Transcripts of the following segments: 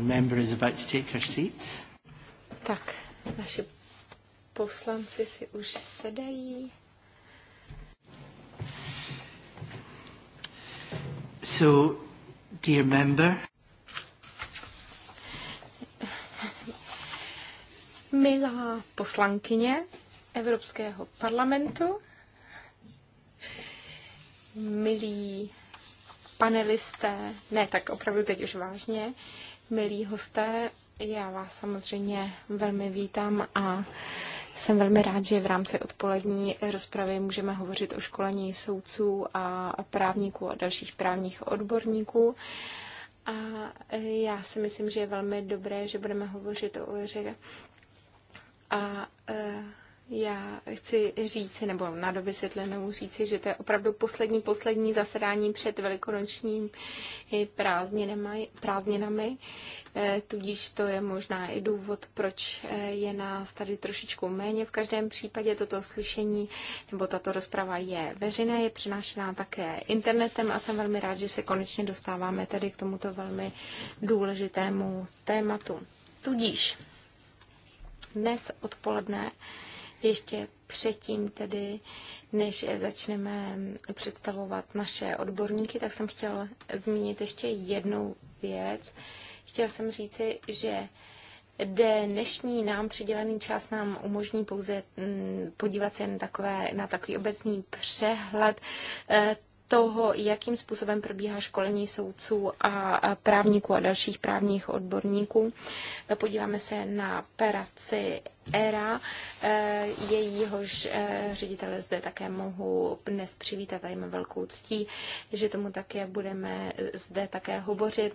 Our member is about to take her seat. Tak, naši poslanci si už sedají. So, dear member, milá poslankyně Evropského parlamentu, milí panelisté, ne, tak opravdu teď už vážně, milí hosté. Já vás samozřejmě velmi vítám a jsem velmi rád, že v rámci odpolední rozpravy můžeme hovořit o školení soudců a právníků a dalších právních odborníků. A já si myslím, že je velmi dobré, že budeme hovořit o oře a eh, já chci říci, nebo na doby světlenou říci, že to je opravdu poslední, poslední zasedání před velikonočním prázdninami, e, tudíž to je možná i důvod, proč e, je nás tady trošičku méně. V každém případě toto slyšení nebo tato rozprava je veřejná, je přenášená také internetem a jsem velmi rád, že se konečně dostáváme tady k tomuto velmi důležitému tématu. Tudíž dnes odpoledne ještě předtím tedy, než začneme představovat naše odborníky, tak jsem chtěl zmínit ještě jednu věc. Chtěl jsem říci, že dnešní nám přidělený čas nám umožní pouze mm, podívat se na, takové, na takový obecný přehled eh, toho, jakým způsobem probíhá školení soudců a právníků a dalších právních odborníků. Podíváme se na peraci ERA, e, jejíhož e, ředitele zde také mohu dnes přivítat a jim velkou ctí, že tomu také budeme zde také hovořit.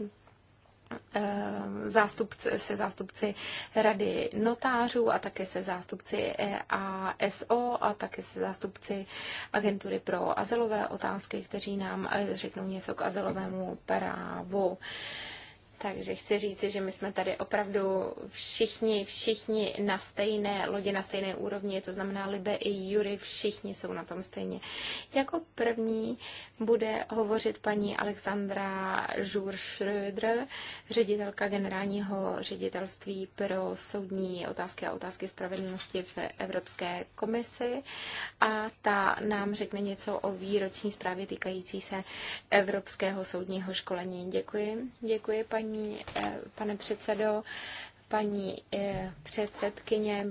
Eh, zástupce, se zástupci rady notářů a také se zástupci e ASO a také se zástupci agentury pro azylové otázky, kteří nám eh, řeknou něco k azylovému právu. Takže chci říci, že my jsme tady opravdu všichni, všichni na stejné lodi, na stejné úrovni, to znamená Libe i Jury, všichni jsou na tom stejně. Jako první bude hovořit paní Alexandra Žur-Schröder, ředitelka generálního ředitelství pro soudní otázky a otázky spravedlnosti v Evropské komisi a ta nám řekne něco o výroční zprávě týkající se Evropského soudního školení. Děkuji. Děkuji paní paní, eh, pane předsedo, paní eh, předsedkyně,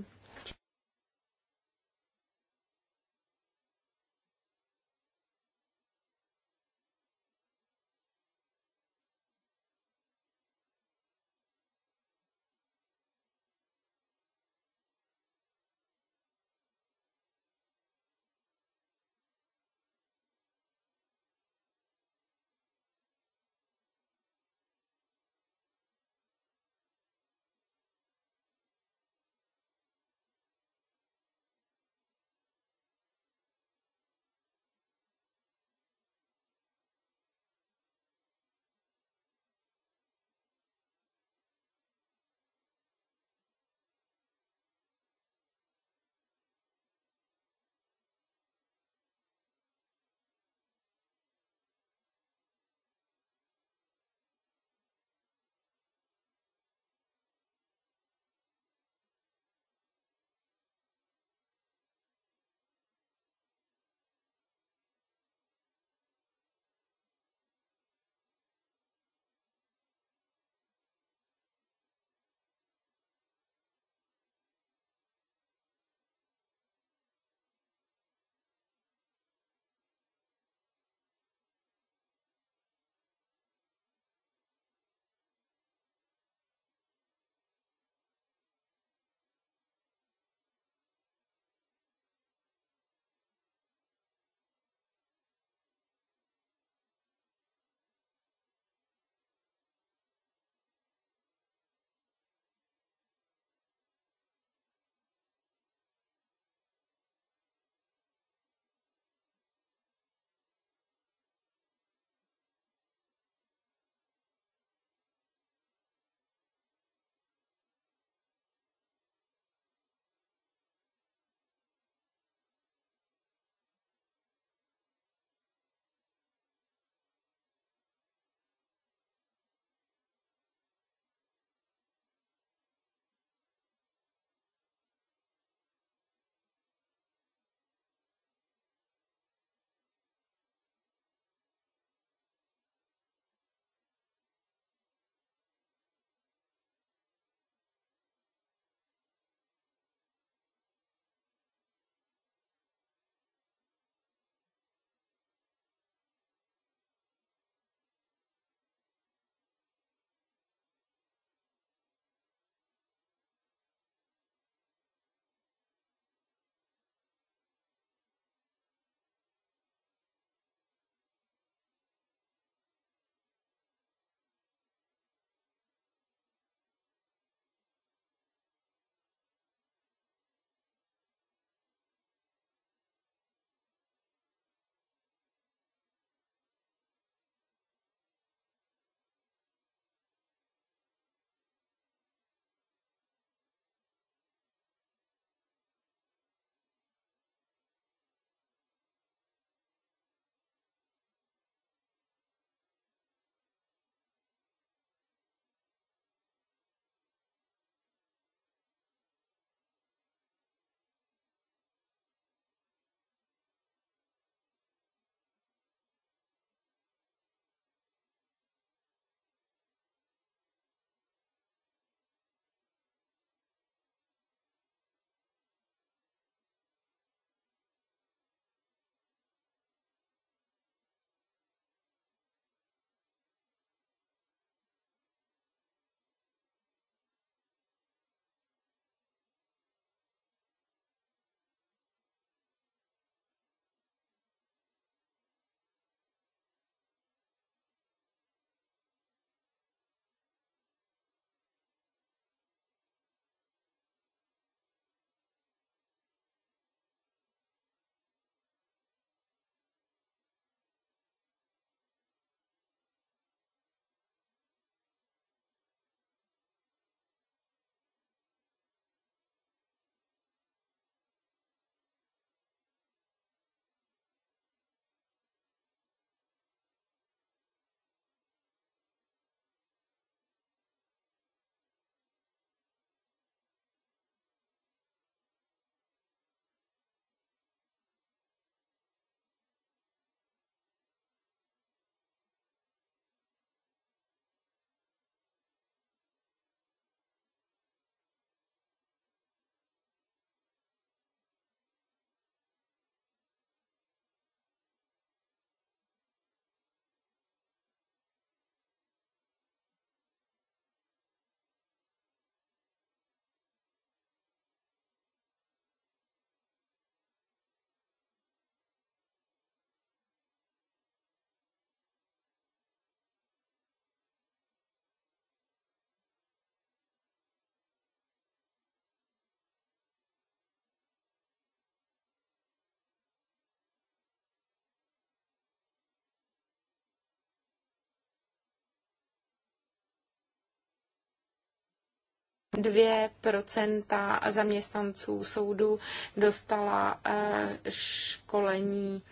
2% zaměstnanců soudu dostala eh, školení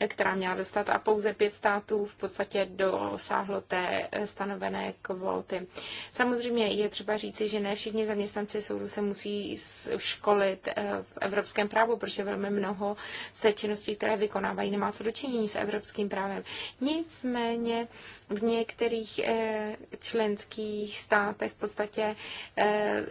eh, která měla dostat a pouze pět států v podstatě dosáhlo té eh, stanovené kvóty. Samozřejmě je třeba říci, že ne všichni zaměstnanci soudu se musí školit v evropském právu, protože velmi mnoho z té činností, které vykonávají, nemá co dočinění s evropským právem. Nicméně v některých eh, členských státech v podstatě eh,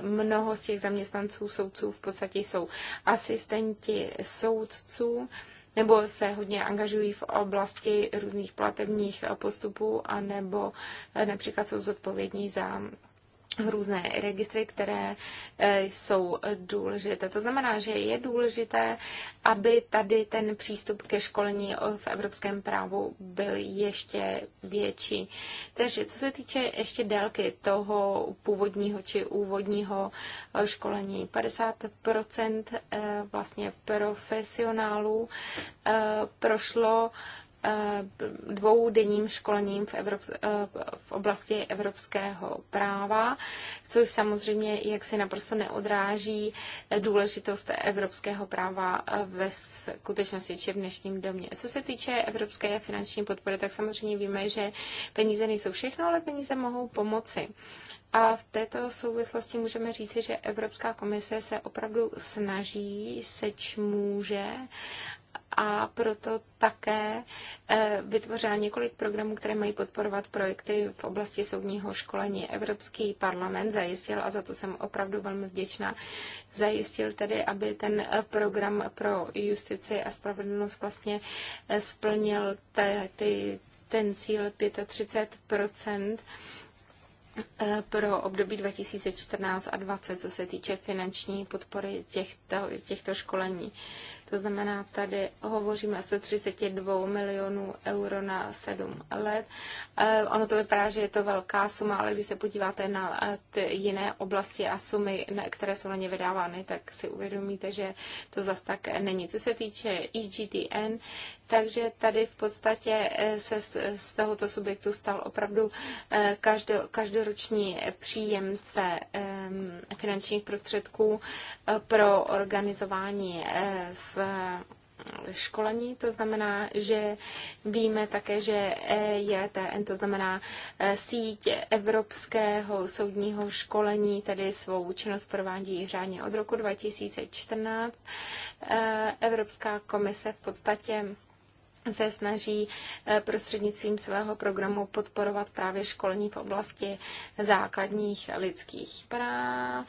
mnoho z těch zaměstnanců soudců v podstatě jsou asistenti soudců nebo se hodně angažují v oblasti různých platebních postupů, anebo eh, například jsou zodpovědní za různé registry, které e, jsou důležité. To znamená, že je důležité, aby tady ten přístup ke školení v evropském právu byl ještě větší. Takže co se týče ještě délky toho původního či úvodního školení, 50% e, vlastně profesionálů e, prošlo Eh, denním školením v, Evrop- eh, v oblasti evropského práva, což samozřejmě jak si naprosto neodráží důležitost evropského práva eh, ve skutečnosti či v dnešním domě. Co se týče evropské finanční podpory, tak samozřejmě víme, že peníze nejsou všechno, ale peníze mohou pomoci. A v této souvislosti můžeme říci, že Evropská komise se opravdu snaží, seč může a proto také eh, vytvořila několik programů, které mají podporovat projekty v oblasti soudního školení. Evropský parlament zajistil, a za to jsem opravdu velmi vděčná, zajistil tedy, aby ten eh, program pro justici a spravedlnost vlastně eh, splnil te, ty, ten cíl 35 pro období 2014 a 2020, co se týče finanční podpory těchto, těchto školení. To znamená, tady hovoříme o 132 milionů euro na 7 let. E, ono to vypadá, že je to velká suma, ale když se podíváte na e, ty jiné oblasti a sumy, které jsou na ně vydávány, tak si uvědomíte, že to zas tak není. Co se týče EGTN, takže tady v podstatě eh, se z tohoto subjektu stal opravdu eh, každoroční příjemce eh, finančních prostředků pro organizování s školení, to znamená, že víme také, že JTN, to znamená síť Evropského soudního školení, tedy svou činnost provádí řádně od roku 2014. Evropská komise v podstatě se snaží eh, prostřednictvím svého programu podporovat právě školní v oblasti základních lidských práv.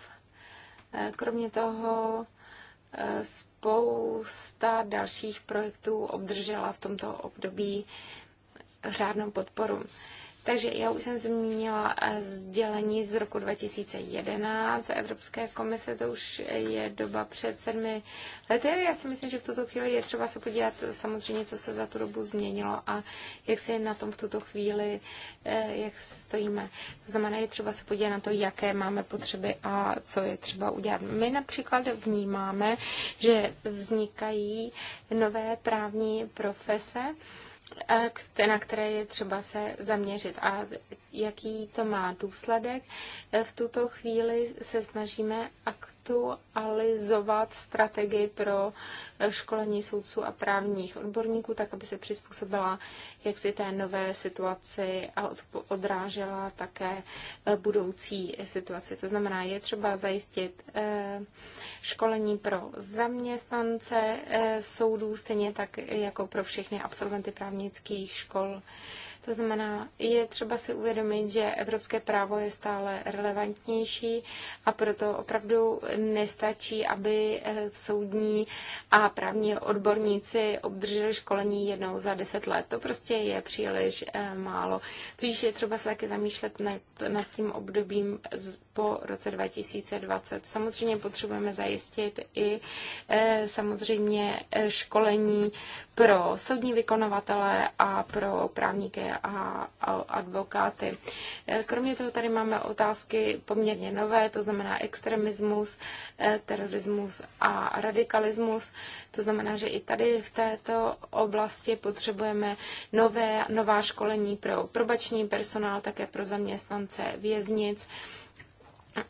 Eh, kromě toho eh, spousta dalších projektů obdržela v tomto období řádnou podporu. Takže já už jsem zmínila eh, sdělení z roku 2011 Evropské komise, to už je doba před sedmi lety. Já si myslím, že v tuto chvíli je třeba se podívat samozřejmě, co se za tu dobu změnilo a jak se na tom v tuto chvíli, eh, jak se stojíme. To znamená, je třeba se podívat na to, jaké máme potřeby a co je třeba udělat. My například vnímáme, že vznikají nové právní profese, na které je třeba se zaměřit a jaký to má důsledek. V tuto chvíli se snažíme akt aktualizovat strategii pro eh, školení soudců a právních odborníků, tak aby se přizpůsobila jak si té nové situaci a odrážela také eh, budoucí situaci. To znamená, je třeba zajistit eh, školení pro zaměstnance soudů, stejně tak jako pro všechny absolventy právnických škol. To znamená, je třeba si uvědomit, že evropské právo je stále relevantnější a proto opravdu nestačí, aby eh, soudní a právní odborníci obdrželi školení jednou za deset let. To prostě je příliš eh, málo. Tudíž je třeba se taky zamýšlet nad, nad tím obdobím po roce 2020. Samozřejmě potřebujeme zajistit i eh, samozřejmě školení pro soudní vykonovatele a pro právníky a advokáty. Eh, kromě toho tady máme otázky poměrně nové, to znamená extremismus, eh, terorismus a radikalismus. To znamená, že i tady v této oblasti potřebujeme nové, nová školení pro probační personál, také pro zaměstnance věznic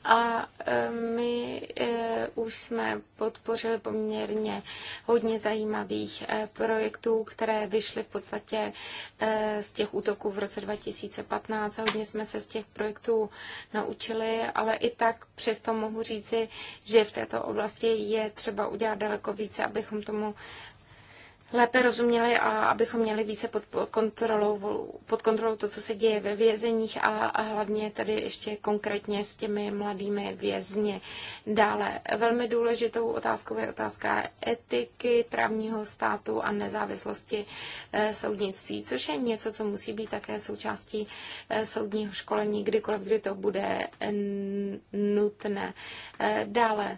a e, my e, už jsme podpořili poměrně hodně zajímavých e, projektů, které vyšly v podstatě z těch útoků v roce 2015 a hodně jsme se z těch projektů naučili, ale i tak přesto mohu říci, že v této oblasti je třeba udělat daleko více, abychom tomu lépe rozuměli a abychom měli více pod kontrolou, pod kontrolou to, co se děje ve vězeních a, a hlavně tady ještě konkrétně s těmi mladými vězni. Dále velmi důležitou otázkou je otázka etiky, právního státu a nezávislosti eh, soudnictví, což je něco, co musí být také součástí eh, soudního školení, kdykoliv, kdy to bude nutné. Eh, dále,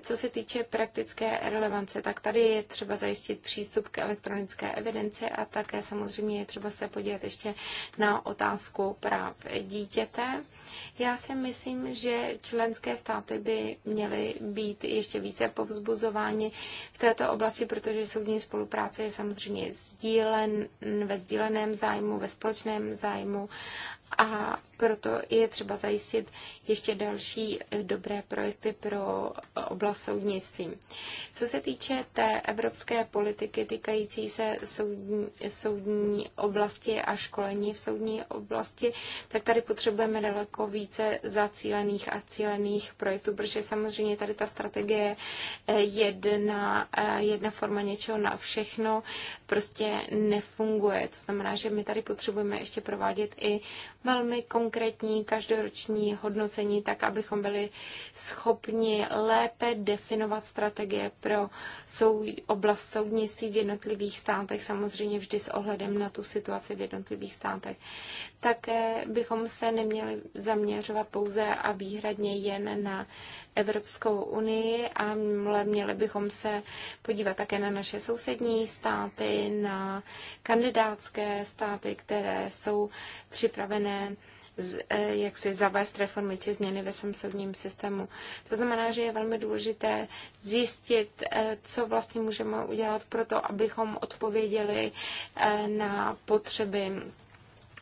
co se týče praktické relevance, tak tady je třeba zajistit přístup k elektronické evidenci a také samozřejmě je třeba se podívat ještě na otázku práv dítěte. Já si myslím, že členské státy by měly být ještě více povzbuzovány v této oblasti, protože soudní spolupráce je samozřejmě sdílen, ve sdíleném zájmu, ve společném zájmu a proto je třeba zajistit ještě další eh, dobré projekty pro eh, oblast soudnictví. Co se týče té evropské politiky týkající se soudní, soudní oblasti a školení v soudní oblasti, tak tady potřebujeme daleko více zacílených a cílených projektů, protože samozřejmě tady ta strategie eh, jedna, jedna forma něčeho na všechno prostě nefunguje. To znamená, že my tady potřebujeme ještě provádět i velmi konkrétní konkrétní každoroční hodnocení, tak abychom byli schopni lépe definovat strategie pro sou, oblast soudnictví v jednotlivých státech, samozřejmě vždy s ohledem na tu situaci v jednotlivých státech. Také bychom se neměli zaměřovat pouze a výhradně jen na Evropskou unii a měli bychom se podívat také na naše sousední státy, na kandidátské státy, které jsou připravené Eh, jak si zavést reformy či změny ve svém soudním systému. To znamená, že je velmi důležité zjistit, eh, co vlastně můžeme udělat pro to, abychom odpověděli eh, na potřeby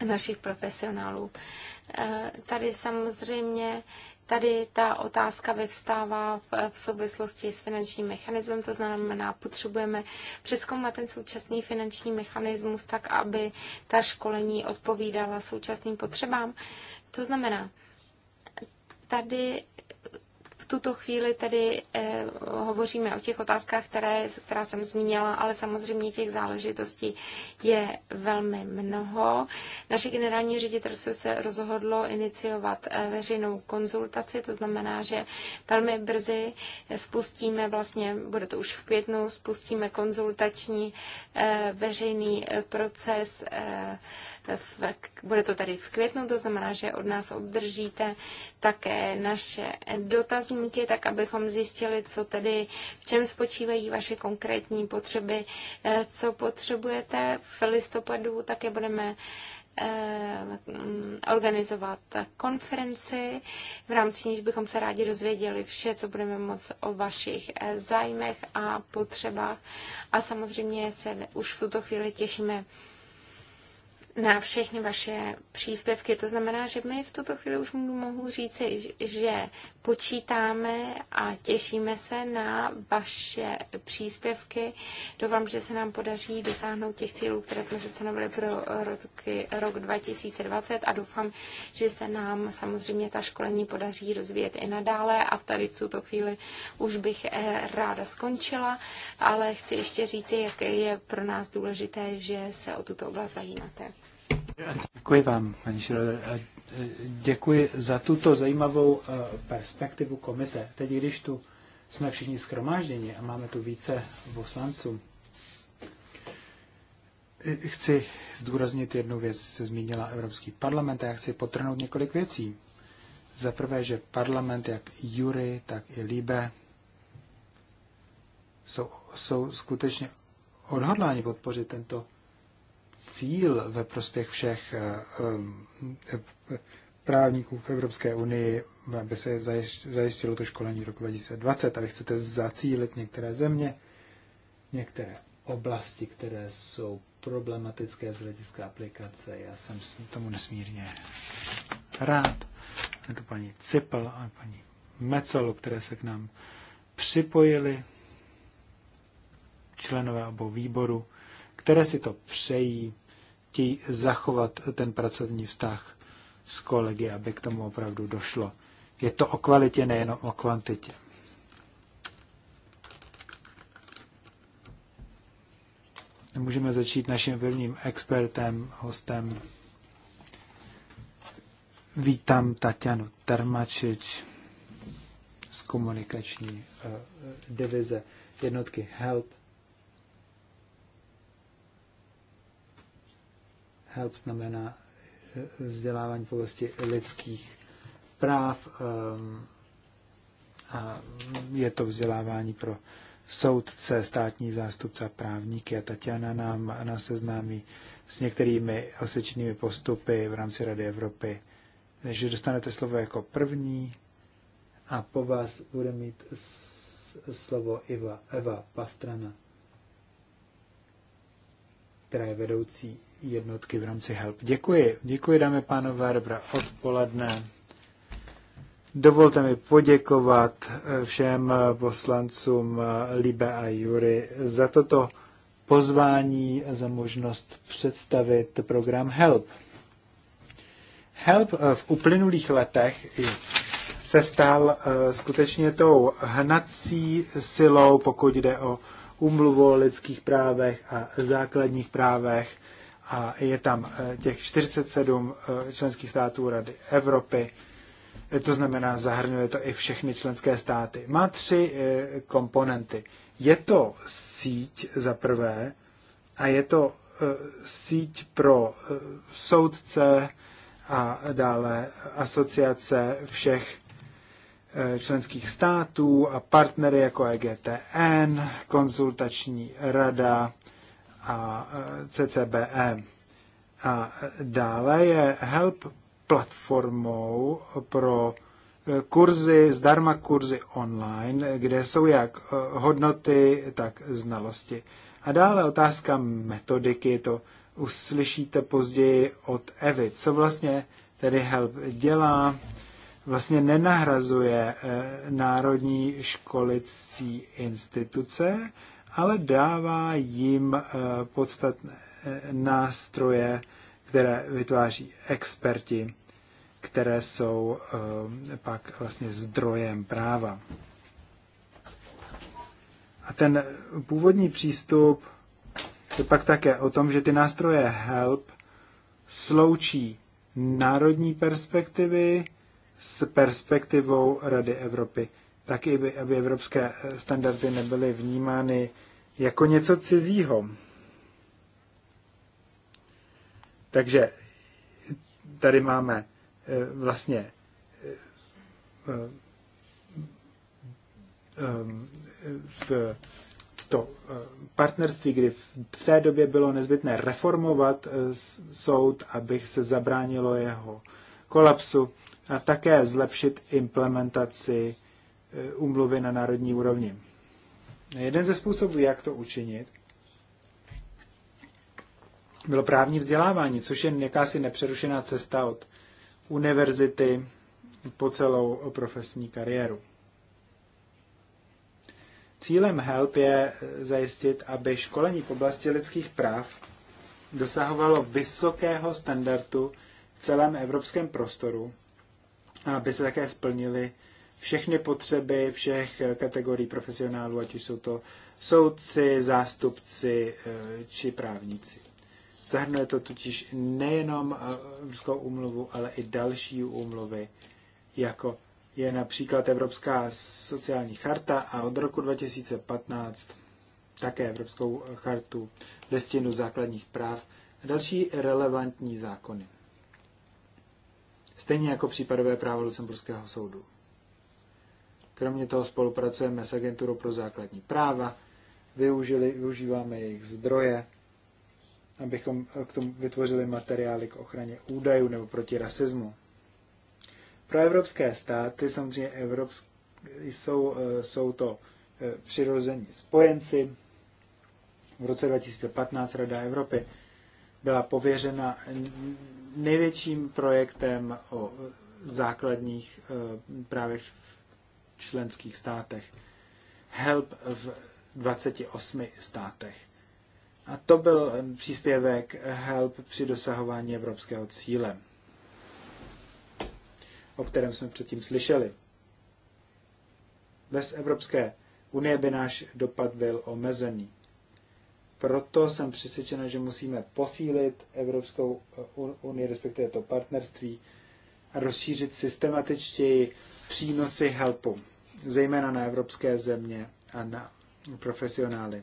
našich profesionálů. Tady samozřejmě tady ta otázka vyvstává v, v souvislosti s finančním mechanismem, to znamená, potřebujeme přeskoumat ten současný finanční mechanismus tak, aby ta školení odpovídala současným potřebám. To znamená, tady tuto chvíli tedy eh, hovoříme o těch otázkách, které, která jsem zmínila, ale samozřejmě těch záležitostí je velmi mnoho. Naše generální ředitelství se rozhodlo iniciovat eh, veřejnou konzultaci, to znamená, že velmi brzy spustíme, vlastně bude to už v květnu, spustíme konzultační eh, veřejný eh, proces eh, v, bude to tady v květnu, to znamená, že od nás obdržíte také naše dotazníky, tak abychom zjistili, co tedy, v čem spočívají vaše konkrétní potřeby, eh, co potřebujete. V listopadu také budeme eh, organizovat konferenci, v rámci níž bychom se rádi dozvěděli vše, co budeme moct o vašich eh, zájmech a potřebách. A samozřejmě se už v tuto chvíli těšíme na všechny vaše příspěvky. To znamená, že my v tuto chvíli už mohu říci, že počítáme a těšíme se na vaše příspěvky. Doufám, že se nám podaří dosáhnout těch cílů, které jsme se stanovili pro roky, rok 2020 a doufám, že se nám samozřejmě ta školení podaří rozvíjet i nadále a tady v tuto chvíli už bych eh, ráda skončila, ale chci ještě říci, jak je pro nás důležité, že se o tuto oblast zajímáte. Děkuji vám, paní Schroeder. E, děkuji za tuto zajímavou e, perspektivu komise. Teď, když tu jsme všichni schromážděni a máme tu více poslanců, e, chci zdůraznit jednu věc. se zmínila Evropský parlament a já chci potrhnout několik věcí. Za prvé, že parlament, jak Jury, tak i Líbe, jsou, jsou skutečně odhodláni podpořit tento cíl ve prospěch všech eh, eh, právníků v Evropské unii, aby se zajistilo to školení roku 2020 a vy chcete zacílit některé země, některé oblasti, které jsou problematické z hlediska aplikace. Já jsem tomu nesmírně rád. A to paní Cipel a paní Mecelu, které se k nám připojili, členové obou výboru které si to přejí, chtějí zachovat ten pracovní vztah s kolegy, aby k tomu opravdu došlo. Je to o kvalitě, nejenom o kvantitě. Můžeme začít naším prvním expertem, hostem. Vítám Tatianu Termačič z komunikační eh, divize jednotky HELP help znamená eh, vzdělávání v oblasti lidských práv ehm, a je to vzdělávání pro soudce, státní zástupce a právníky. A Tatiana nám, nás seznámí s některými osvědčenými postupy v rámci Rady Evropy. Takže dostanete slovo jako první a po vás bude mít slovo Eva, Eva Pastrana která je vedoucí jednotky v rámci HELP. Děkuji. Děkuji, dámy pánové, dobré odpoledne. Dovolte mi poděkovat všem poslancům Libe a Jury za toto pozvání a za možnost představit program HELP. HELP v uplynulých letech se stal eh, skutečně tou hnací silou, pokud jde o umluvu o lidských právech a základních právech a je tam eh, těch 47 eh, členských států Rady Evropy, eh, to znamená, zahrnuje to i všechny členské státy. Má tři komponenty. Je to síť za prvé a je to síť pro soudce a dále asociace všech Eh, členských států a partnery jako EGTN, konzultační rada a eh, CCBE. A eh, dále je Help platformou pro kurzy, zdarma kurzy online, kde jsou jak hodnoty, tak znalosti. A dále otázka metodiky, to uslyšíte později od Evy. Co vlastně tedy Help dělá? vlastně nenahrazuje eh, národní školicí instituce, ale dává jim eh, podstatné eh, nástroje, které vytváří experti, které jsou pak vlastně zdrojem práva. A ten původní přístup je pak také o tom, že ty nástroje HELP sloučí národní perspektivy s perspektivou Rady Evropy, tak aby, aby evropské standardy nebyly vnímány jako něco cizího. Takže tady máme eh, vlastně eh, eh, v to partnerství, kdy v té době bylo nezbytné reformovat soud, abych se zabránilo jeho kolapsu a také zlepšit implementaci eh, umluvy na národní úrovni. Jeden ze způsobů, jak to učinit, bylo právní vzdělávání, což je jakási nepřerušená cesta od univerzity po celou profesní kariéru. Cílem HELP je zajistit, aby školení v oblasti lidských práv dosahovalo vysokého standardu celém evropském prostoru, aby se také splnily všechny potřeby všech eh, kategorií profesionálů, ať už jsou to soudci, zástupci eh, či právníci. Zahrnuje to totiž nejenom eh, Evropskou úmluvu, ale i další úmluvy, jako je například Evropská sociální charta a od roku 2015 také Evropskou chartu, listinu základních práv a další relevantní zákony stejně jako případové právo Lucemburského soudu. Kromě toho spolupracujeme s Agenturou pro základní práva, využili, využíváme jejich zdroje, abychom k tomu vytvořili materiály k ochraně údajů nebo proti rasismu. Pro evropské státy samozřejmě evropsk, jsou, e, jsou to e, přirození spojenci. V roce 2015 Rada Evropy byla pověřena největším projektem o základních eh, právech v členských státech. HELP v 28 státech. A to byl eh, příspěvek HELP při dosahování evropského cíle, o kterém jsme předtím slyšeli. Bez Evropské unie by náš dopad byl omezený proto jsem přesvědčena, že musíme posílit Evropskou eh, unii, respektive to partnerství, a rozšířit systematičtěji přínosy helpu, zejména na evropské země a na profesionály,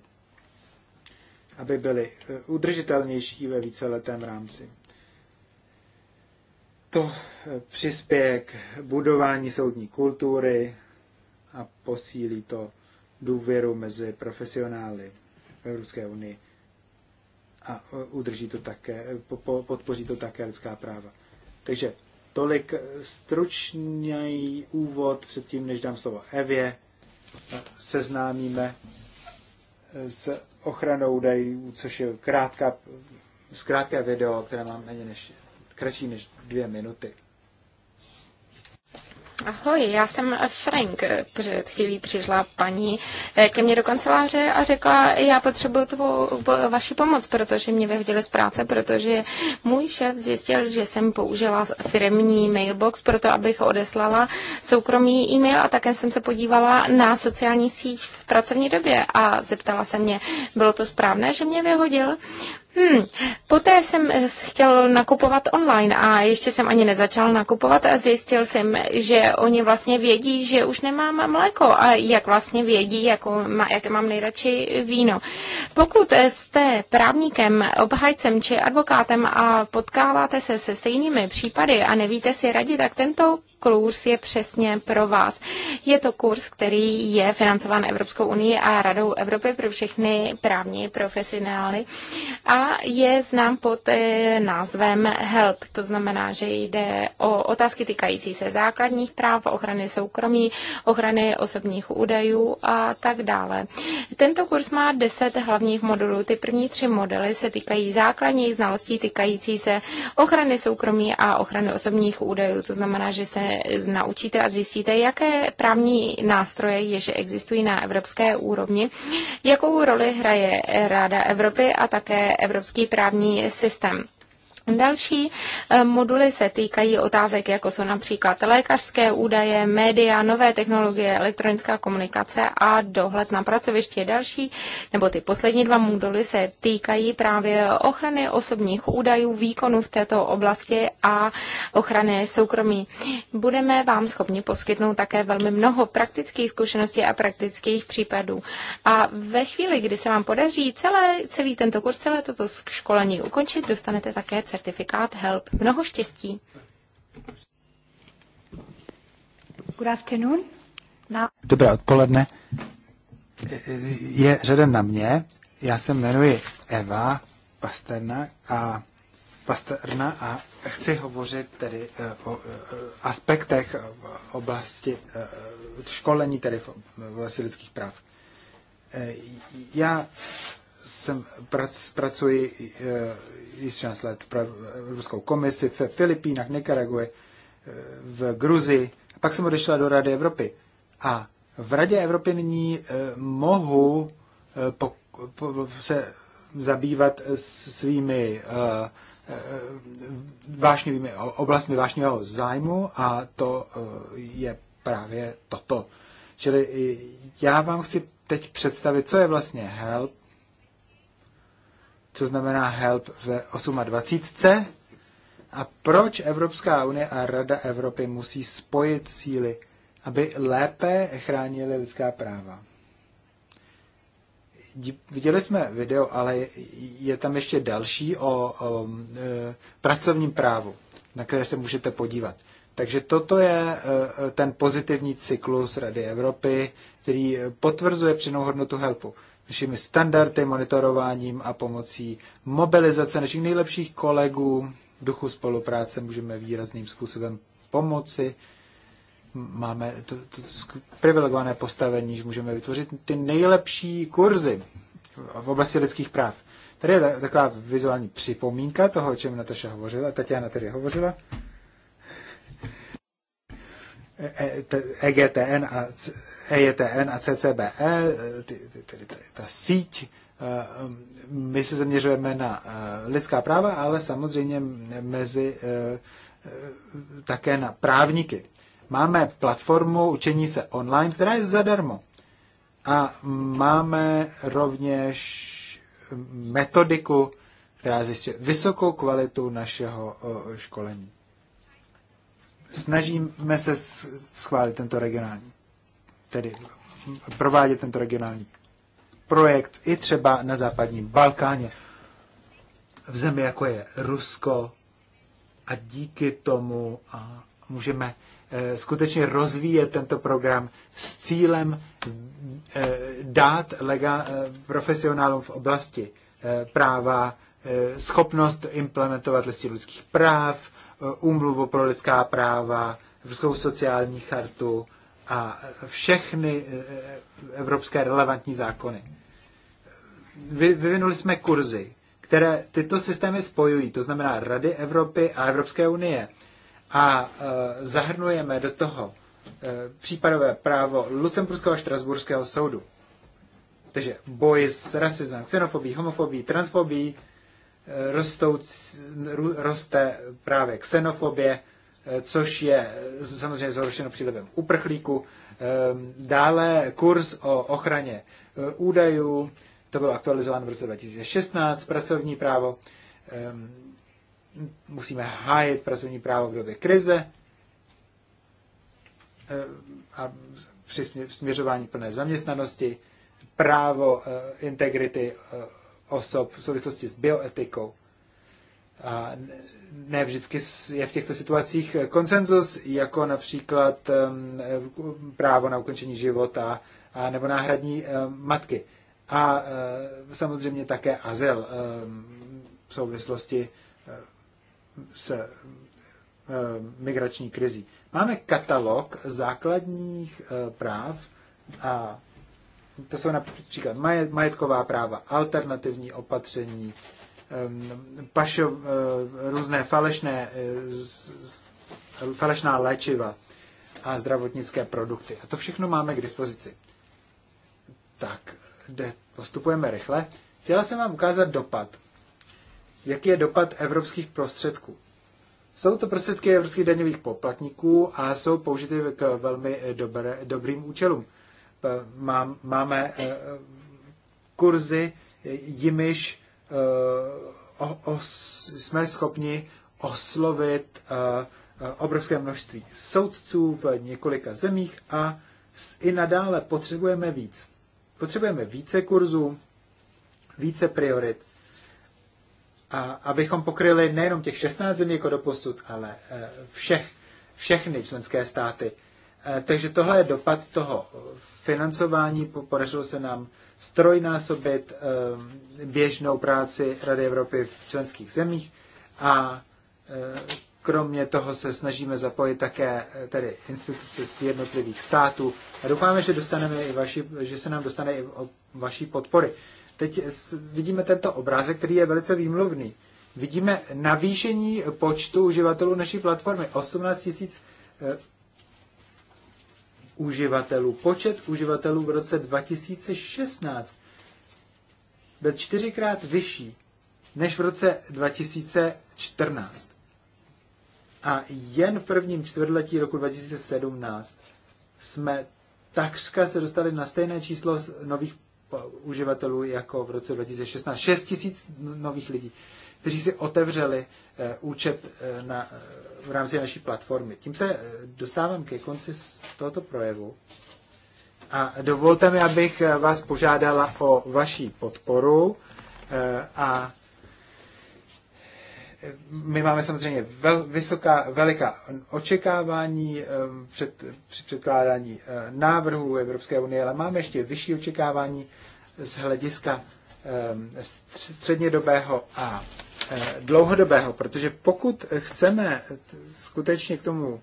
aby byly eh, udržitelnější ve víceletém rámci. To eh, přispěje k budování soudní kultury a posílí to důvěru mezi profesionály v Evropské unii a e, udrží to také, e, podpoří to také lidská práva. Takže tolik e, stručný úvod předtím, než dám slovo Evě. Seznámíme s ochranou údajů, což je krátká, zkrátka video, které mám méně než, kratší než dvě minuty. Ahoj, já jsem Frank. Před chvílí přišla paní eh, ke mně do kanceláře a řekla, já potřebuji tvou, vaši pomoc, protože mě vyhodili z práce, protože můj šéf zjistil, že jsem použila firmní mailbox pro to, abych odeslala soukromý e-mail a také jsem se podívala na sociální síť v pracovní době a zeptala se mě, bylo to správné, že mě vyhodil? Hmm. Poté jsem eh, chtěl nakupovat online a ještě jsem ani nezačal nakupovat a zjistil jsem, že oni vlastně vědí, že už nemám mléko a jak vlastně vědí, jakou, jaké mám nejradši víno. Pokud eh, jste právníkem, obhajcem či advokátem a potkáváte se se stejnými případy a nevíte si radit, tak tento kurz je přesně pro vás. Je to kurz, který je financován Evropskou unii a Radou Evropy pro všechny právní profesionály a je znám pod eh, názvem HELP. To znamená, že jde o otázky týkající se základních práv, ochrany soukromí, ochrany osobních údajů a tak dále. Tento kurz má deset hlavních modulů. Ty první tři modely se týkají základních znalostí týkající se ochrany soukromí a ochrany osobních údajů. To znamená, že se naučíte a zjistíte, jaké právní nástroje jež existují na evropské úrovni, jakou roli hraje Ráda Evropy a také Evropský právní systém. Další eh, moduly se týkají otázek, jako jsou například lékařské údaje, média, nové technologie, elektronická komunikace a dohled na pracoviště. Další, nebo ty poslední dva moduly se týkají právě ochrany osobních údajů, výkonu v této oblasti a ochrany soukromí. Budeme vám schopni poskytnout také velmi mnoho praktických zkušeností a praktických případů. A ve chvíli, kdy se vám podaří celé, celý tento kurz, celé toto školení ukončit, dostanete také celý certifikát HELP. Mnoho štěstí. Good afternoon. Now... Dobré odpoledne. Je řadem na mě. Já se jmenuji Eva Pasterna a Pasterna a chci hovořit tedy eh, o eh, aspektech v oblasti eh, školení, tedy v oblasti lidských práv. Já jsem pracuji již 13 let pro Evropskou komisi v Filipínách, Nikaraguji, eh, v Gruzii. Pak jsem odešla do Rady Evropy. A v Radě Evropy nyní eh, mohu eh, se zabývat svými vášnivými oblastmi vášnivého zájmu a to je právě toto. Čili já vám chci teď představit, co je vlastně HELP co znamená help v 28. A proč Evropská unie a Rada Evropy musí spojit síly, aby lépe chránili lidská práva? Viděli jsme video, ale je tam ještě další o, o o e, pracovním právu, na které se můžete podívat. Takže toto je e, e, ten pozitivní cyklus Rady Evropy, který potvrzuje přinou hodnotu HELPu našimi standardy, monitorováním a pomocí mobilizace našich nejlepších kolegů v duchu spolupráce můžeme výrazným způsobem pomoci. Máme to, to privilegované postavení, že můžeme vytvořit ty nejlepší kurzy v oblasti lidských práv. Tady je taková vizuální připomínka toho, o čem Nataša hovořila, Tatiana tedy hovořila. EGTN e, e a EJTN a CCBE, tedy ta síť, eh, my se zaměřujeme na eh, lidská práva, ale samozřejmě mezi eh, také na právníky. Máme platformu učení se online, která je zadarmo. A máme rovněž metodiku, která zjistuje vysokou kvalitu našeho školení. Snažíme se schválit tento regionální tedy provádět tento regionální projekt i třeba na západním Balkáně, v zemi jako je Rusko a díky tomu můžeme eh, skutečně rozvíjet tento program s cílem eh, dát lega, eh, profesionálům v oblasti práva schopnost implementovat listinu lidských práv, úmluvu pro lidská práva, Evropskou sociální chartu, a všechny eh, eh, evropské relevantní zákony. Vyvinuli jsme kurzy, které tyto systémy spojují, to znamená Rady Evropy a Evropské unie. A eh, zahrnujeme do toho případové právo Lucemburského a Štrasburského soudu. Takže boj s rasismem, xenofobí, homofobí, transfobí, rostou, roste právě xenofobie, Eh, což je samozřejmě zhoršeno přílivem uprchlíku. Ehm, dále kurz o ochraně eh, údajů, to bylo aktualizováno v roce 2016, pracovní právo, ehm, musíme hájit pracovní právo v době krize eh, a při směřování plné zaměstnanosti, právo integrity osob v souvislosti s bioetikou a ne vždycky je v těchto situacích konsenzus, jako například eh, právo na ukončení života a nebo náhradní eh, matky. A eh, samozřejmě také azyl v souvislosti s migrační krizí. Máme katalog základních práv a to jsou například majetková práva, alternativní opatření, Ehm, pašo, eh, různé falešné, eh, falešná léčiva a zdravotnické produkty. A to všechno máme k dispozici. Tak, jde, postupujeme rychle. Chtěla jsem vám ukázat dopad. Jaký je dopad evropských prostředků? Jsou to prostředky evropských daňových poplatníků a jsou použity k velmi dobré, dobrým účelům. Mám, máme eh, kurzy, jimiž Eh, o, o, jsme schopni oslovit eh, obrovské množství soudců v několika zemích a i nadále potřebujeme víc. Potřebujeme více kurzů, více priorit, a abychom pokryli nejenom těch 16 zemí jako doposud, ale eh, všech, všechny členské státy Eh, takže tohle je dopad toho financování. Podařilo se nám strojnásobit eh, běžnou práci Rady Evropy v členských zemích a eh, kromě toho se snažíme zapojit také tedy instituce z jednotlivých států a doufáme, že, dostaneme i vaši, že se nám dostane i vaší podpory. Teď vidíme tento obrázek, který je velice výmluvný. Vidíme navýšení počtu uživatelů naší platformy. 18 000 uživatelů. Počet uživatelů v roce 2016 byl čtyřikrát vyšší než v roce 2014. A jen v prvním čtvrtletí roku 2017 jsme takřka se dostali na stejné číslo nových uživatelů jako v roce 2016. 6 tisíc nových lidí kteří si otevřeli eh, účet eh, na, eh, v rámci naší platformy. Tím se dostávám ke konci tohoto projevu a dovolte mi, abych vás požádala o vaši podporu a my máme samozřejmě vel, vysoká, veliká očekávání před, při předkládání návrhů Evropské unie, ale máme ještě vyšší očekávání z hlediska střednědobého a Eh, dlouhodobého, protože pokud chceme skutečně k tomu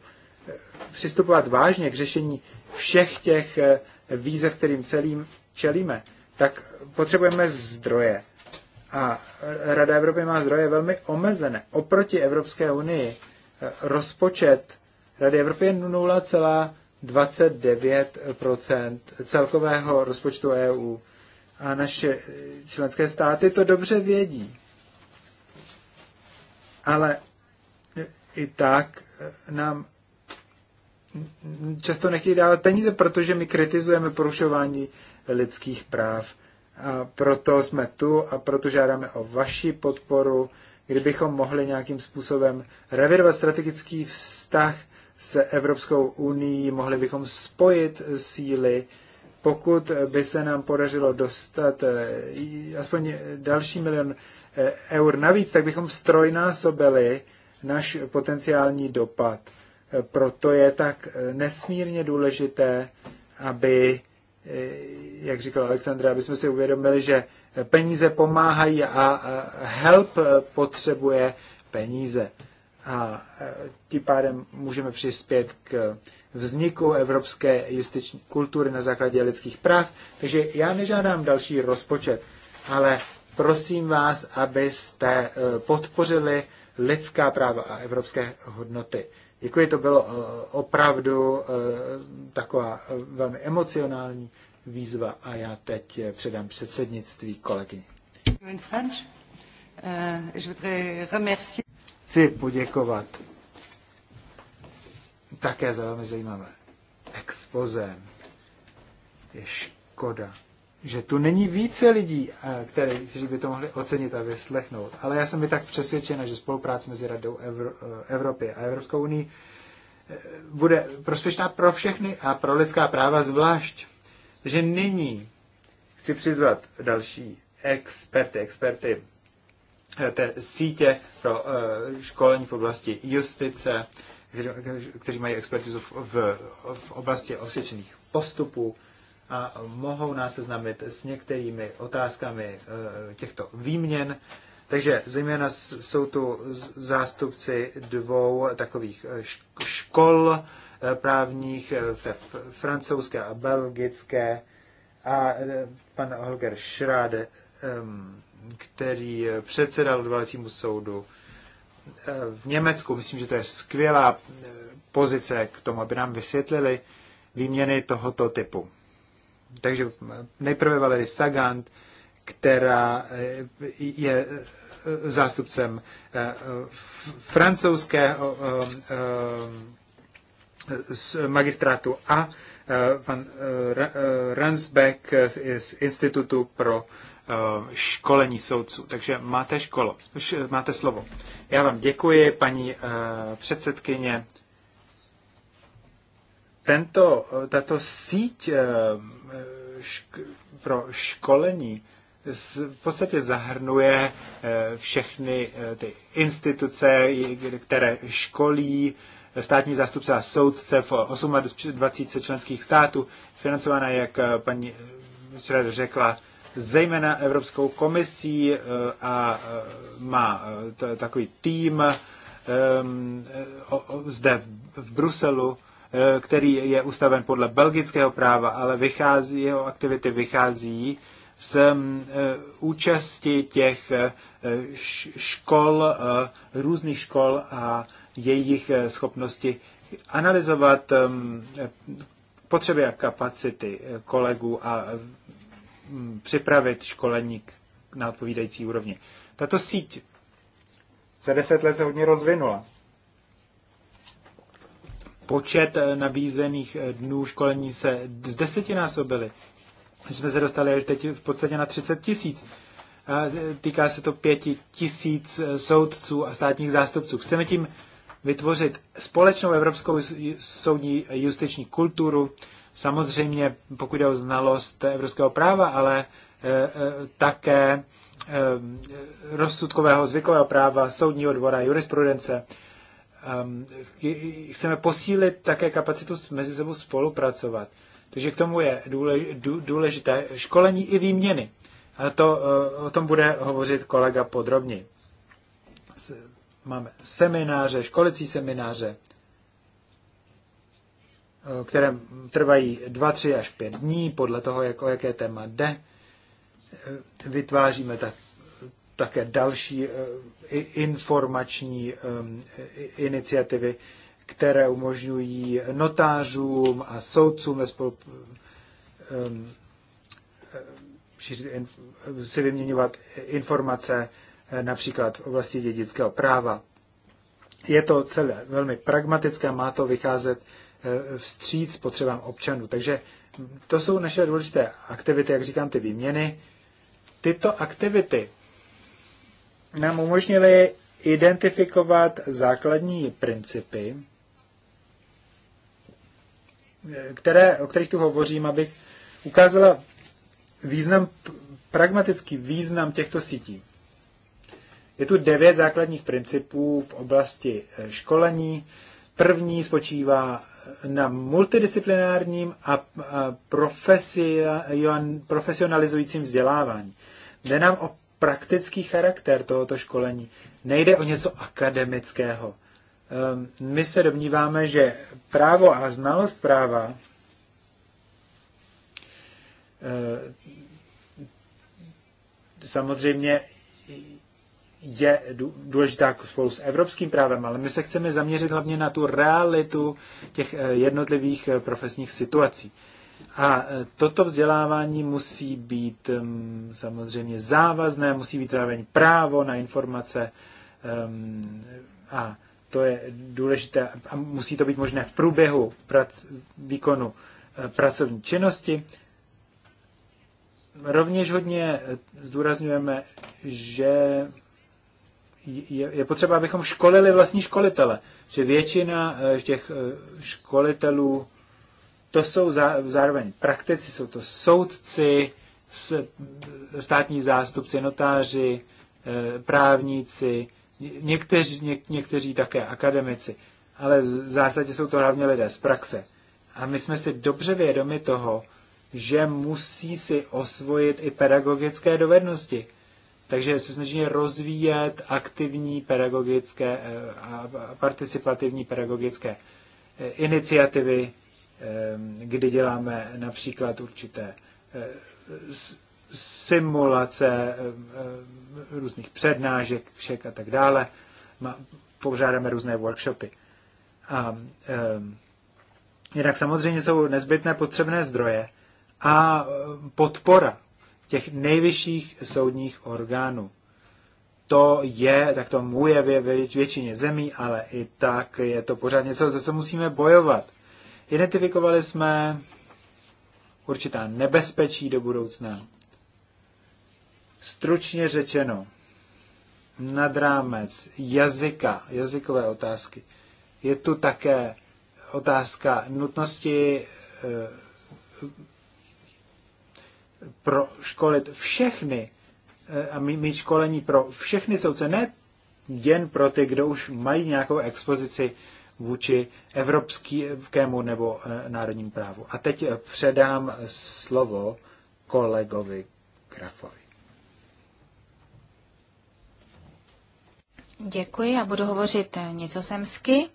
eh, přistupovat vážně k řešení všech těch eh, výzev, kterým celým čelíme, tak potřebujeme zdroje. A Rada Evropy má zdroje velmi omezené. Oproti Evropské unii rozpočet Rady Evropy je 0,29 celkového rozpočtu EU. A naše členské státy to dobře vědí. Ale i tak nám často nechtějí dávat peníze, protože my kritizujeme porušování lidských práv. A proto jsme tu a proto žádáme o vaši podporu, kdybychom mohli nějakým způsobem revidovat strategický vztah se Evropskou unii, mohli bychom spojit síly, pokud by se nám podařilo dostat eh, aspoň další milion Eh, eur navíc, tak bychom strojnásobili náš potenciální dopad. Eh, proto je tak eh, nesmírně důležité, aby, jak říkal Alexandra, aby jsme si uvědomili, že peníze pomáhají a help potřebuje peníze. A tím pádem můžeme přispět k vzniku evropské justiční kultury na základě lidských práv. Takže já nežádám další rozpočet, ale Prosím vás, abyste eh, podpořili lidská práva a evropské hodnoty. Děkuji, to bylo eh, opravdu eh, taková velmi emocionální výzva a já teď předám předsednictví kolegyni. Chci poděkovat také za velmi zajímavé expoze. Je škoda, že tu není více lidí, eh, které, kteří by to mohli ocenit a vyslechnout. Ale já jsem i tak přesvědčena, že spolupráce mezi Radou Evro, eh, Evropy a Evropskou unii eh, bude prospěšná pro všechny a pro lidská práva zvlášť. že nyní chci přizvat další experty, experty té sítě pro školení v oblasti justice, kteří mají expertizu v, v, v oblasti osvědčených postupů a mohou nás seznámit s některými otázkami eh, těchto výměn. Takže zejména jsou tu zástupci dvou takových eh, škol eh, právních, francouzské a belgické, a pan Holger Schrade, ehm, který předsedal odvolacímu soudu v Německu. Myslím, že to je skvělá pozice k tomu, aby nám vysvětlili výměny tohoto typu. Takže nejprve Valery Sagant, která eh, je eh, zástupcem eh, francouzského magistrátu a pan Ransbeck z Institutu pro školení soudců. Takže máte školo, máte slovo. Já vám děkuji, paní předsedkyně. Tento, tato síť šk- pro školení v podstatě zahrnuje eh, všechny eh, ty instituce, které školí eh, státní zástupce a soudce v 28 členských států, financovaná, jak paní Schroeder řekla, zejména Evropskou komisí a má takový tým zde v Bruselu, Eh, který je ustaven podle belgického práva, ale vychází, jeho aktivity vychází z eh, účasti těch eh, škol, různých škol a jejich schopnosti analyzovat potřeby a kapacity kolegů a mm, připravit školení na odpovídající úrovni. Tato síť za deset let se hodně rozvinula počet eh, nabízených eh, dnů školení se z násobily. Když jsme se dostali až teď v podstatě na 30 tisíc. Eh, týká se to pěti tisíc soudců a státních zástupců. Chceme tím vytvořit společnou evropskou soudní justiční kulturu. Samozřejmě, pokud je o znalost evropského práva, ale také rozsudkového zvykového práva, soudního dvora, jurisprudence Ehm, chceme posílit také kapacitu mezi sebou spolupracovat. Takže k tomu je důležité školení i výměny. A to, eh, o tom bude hovořit kolega podrobně. Máme semináře, školicí semináře, eh, které trvají 2, 3 až 5 dní, podle toho, jak, o jaké téma jde. Eh, vytváříme tak také další eh, informační eh, iniciativy, které umožňují notářům a soudcům eh, si vyměňovat informace například v oblasti dědického práva. Je to celé velmi pragmatické, má to vycházet vstříc potřebám občanů. Takže to jsou naše důležité aktivity, jak říkám, ty výměny. Tyto aktivity nám umožnili identifikovat základní principy, které, o kterých tu hovořím, abych ukázala význam, pragmatický význam těchto sítí. Je tu devět základních principů v oblasti eh, školení. První spočívá eh, na multidisciplinárním a profesionalizujícím vzdělávání. Jde nám o praktický charakter tohoto školení. Nejde o něco akademického. Ehm, my se domníváme, že právo a znalost práva ehm, samozřejmě je důležitá spolu s evropským právem, ale my se chceme zaměřit hlavně na tu realitu těch eh, jednotlivých eh, profesních situací. A e, toto vzdělávání musí být samozřejmě závazné, musí být zároveň právo na informace a to je důležité a musí to být možné v průběhu prac, výkonu e, pracovní činnosti. Rovněž hodně e, zdůrazňujeme, že je, je potřeba, abychom školili vlastní školitele, že většina těch školitelů to jsou zá, zároveň praktici, jsou to soudci, státní zástupci, notáři, e, právníci, někteří, ně, někteří také akademici, ale v zásadě jsou to hlavně lidé z praxe. A my jsme si dobře vědomi toho, že musí si osvojit i pedagogické dovednosti. Takže se snaží rozvíjet aktivní pedagogické e, a participativní pedagogické e, iniciativy Ehm, kdy děláme například určité eh, simulace ehm, ehm, různých přednášek všech a tak dále. Pořádáme různé workshopy. A jinak samozřejmě jsou nezbytné potřebné zdroje a podpora těch nejvyšších soudních orgánů. To je, tak to je ve většině zemí, ale i tak je to pořád něco, za co musíme bojovat. Identifikovali jsme určitá nebezpečí do budoucna. Stručně řečeno, nad rámec jazyka, jazykové otázky, je tu také otázka nutnosti eh, pro školit všechny eh, a mít školení pro všechny soudce, ne jen pro ty, kdo už mají nějakou expozici vůči evropskému nebo eh, národním právu. A teď eh, předám slovo kolegovi Grafovi. Děkuji, já budu hovořit eh, nizozemsky.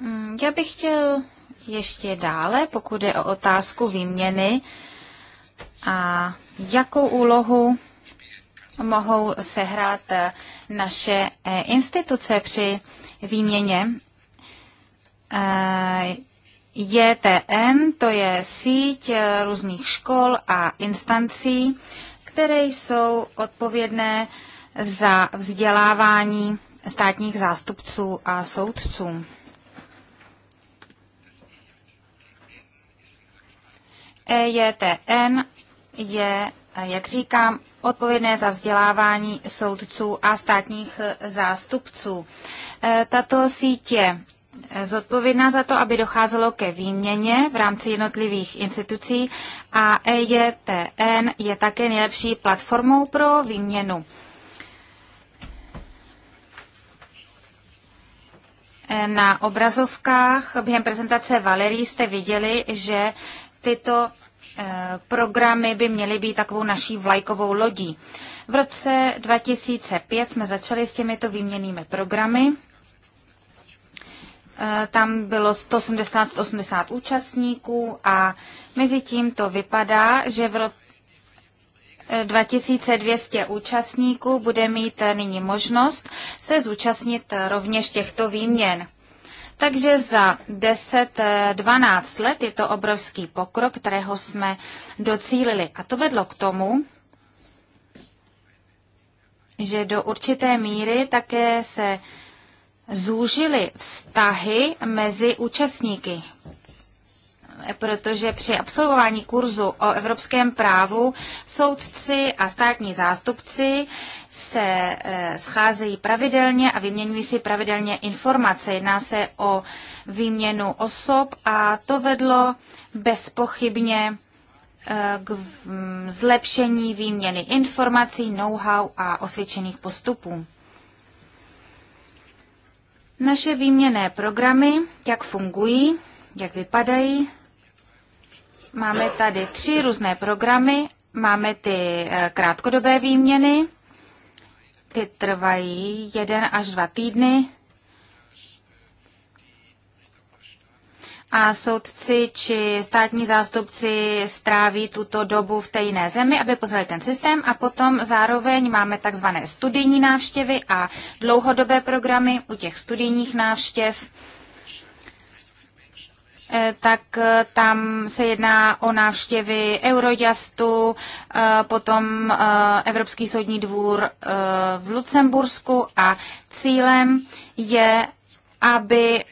Mm, já bych chtěl ještě dále, pokud je o otázku výměny a jakou úlohu mohou sehrát eh, naše eh, instituce při výměně JTN, eh, e to je síť různých škol a instancí, které jsou odpovědné za vzdělávání státních zástupců a soudců. EJTN je, jak říkám, odpovědné za vzdělávání soudců a státních eh, zástupců. Eh, tato síť je eh, zodpovědná za to, aby docházelo ke výměně v rámci jednotlivých institucí a EJTN je také nejlepší platformou pro výměnu. Na obrazovkách během prezentace Valerii jste viděli, že tyto Eh, programy by měly být takovou naší vlajkovou lodí. V roce 2005 jsme začali s těmito výměnými programy. Eh, tam bylo 180 180 účastníků a mezi tím to vypadá, že v roce eh, 2200 účastníků bude mít nyní možnost se zúčastnit rovněž těchto výměn. Takže za 10-12 eh, let je to obrovský pokrok, kterého jsme docílili. A to vedlo k tomu, že do určité míry také se zúžily vztahy mezi účastníky, protože při absolvování kurzu o evropském právu soudci a státní zástupci se eh, scházejí pravidelně a vyměňují si pravidelně informace. Jedná se o výměnu osob a to vedlo bezpochybně eh, k zlepšení výměny informací, know-how a osvědčených postupů. Naše výměné programy, jak fungují, jak vypadají Máme tady tři různé programy. Máme ty eh, krátkodobé výměny, ty trvají jeden až dva týdny. A soudci či státní zástupci stráví tuto dobu v té jiné zemi, aby poznali ten systém. A potom zároveň máme takzvané studijní návštěvy a dlouhodobé programy. U těch studijních návštěv Eh, tak eh, tam se jedná o návštěvy Eurojustu, eh, potom Evropský soudní dvůr v Lucembursku a cílem je, aby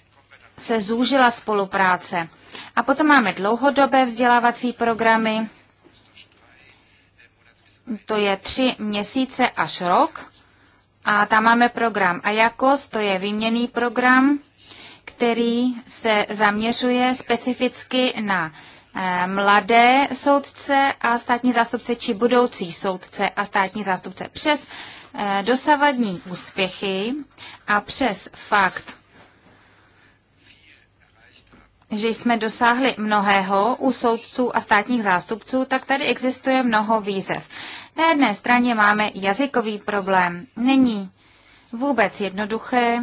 se zúžila spolupráce. A potom máme dlouhodobé vzdělávací programy, to je tři měsíce až rok. A tam máme program Ajakos, to je výměný program který se zaměřuje specificky na eh, mladé soudce a státní zástupce či budoucí soudce a státní zástupce přes eh, dosavadní úspěchy a přes fakt, že jsme dosáhli mnohého u soudců a státních zástupců, tak tady existuje mnoho výzev. Na jedné straně máme jazykový problém. Není vůbec jednoduché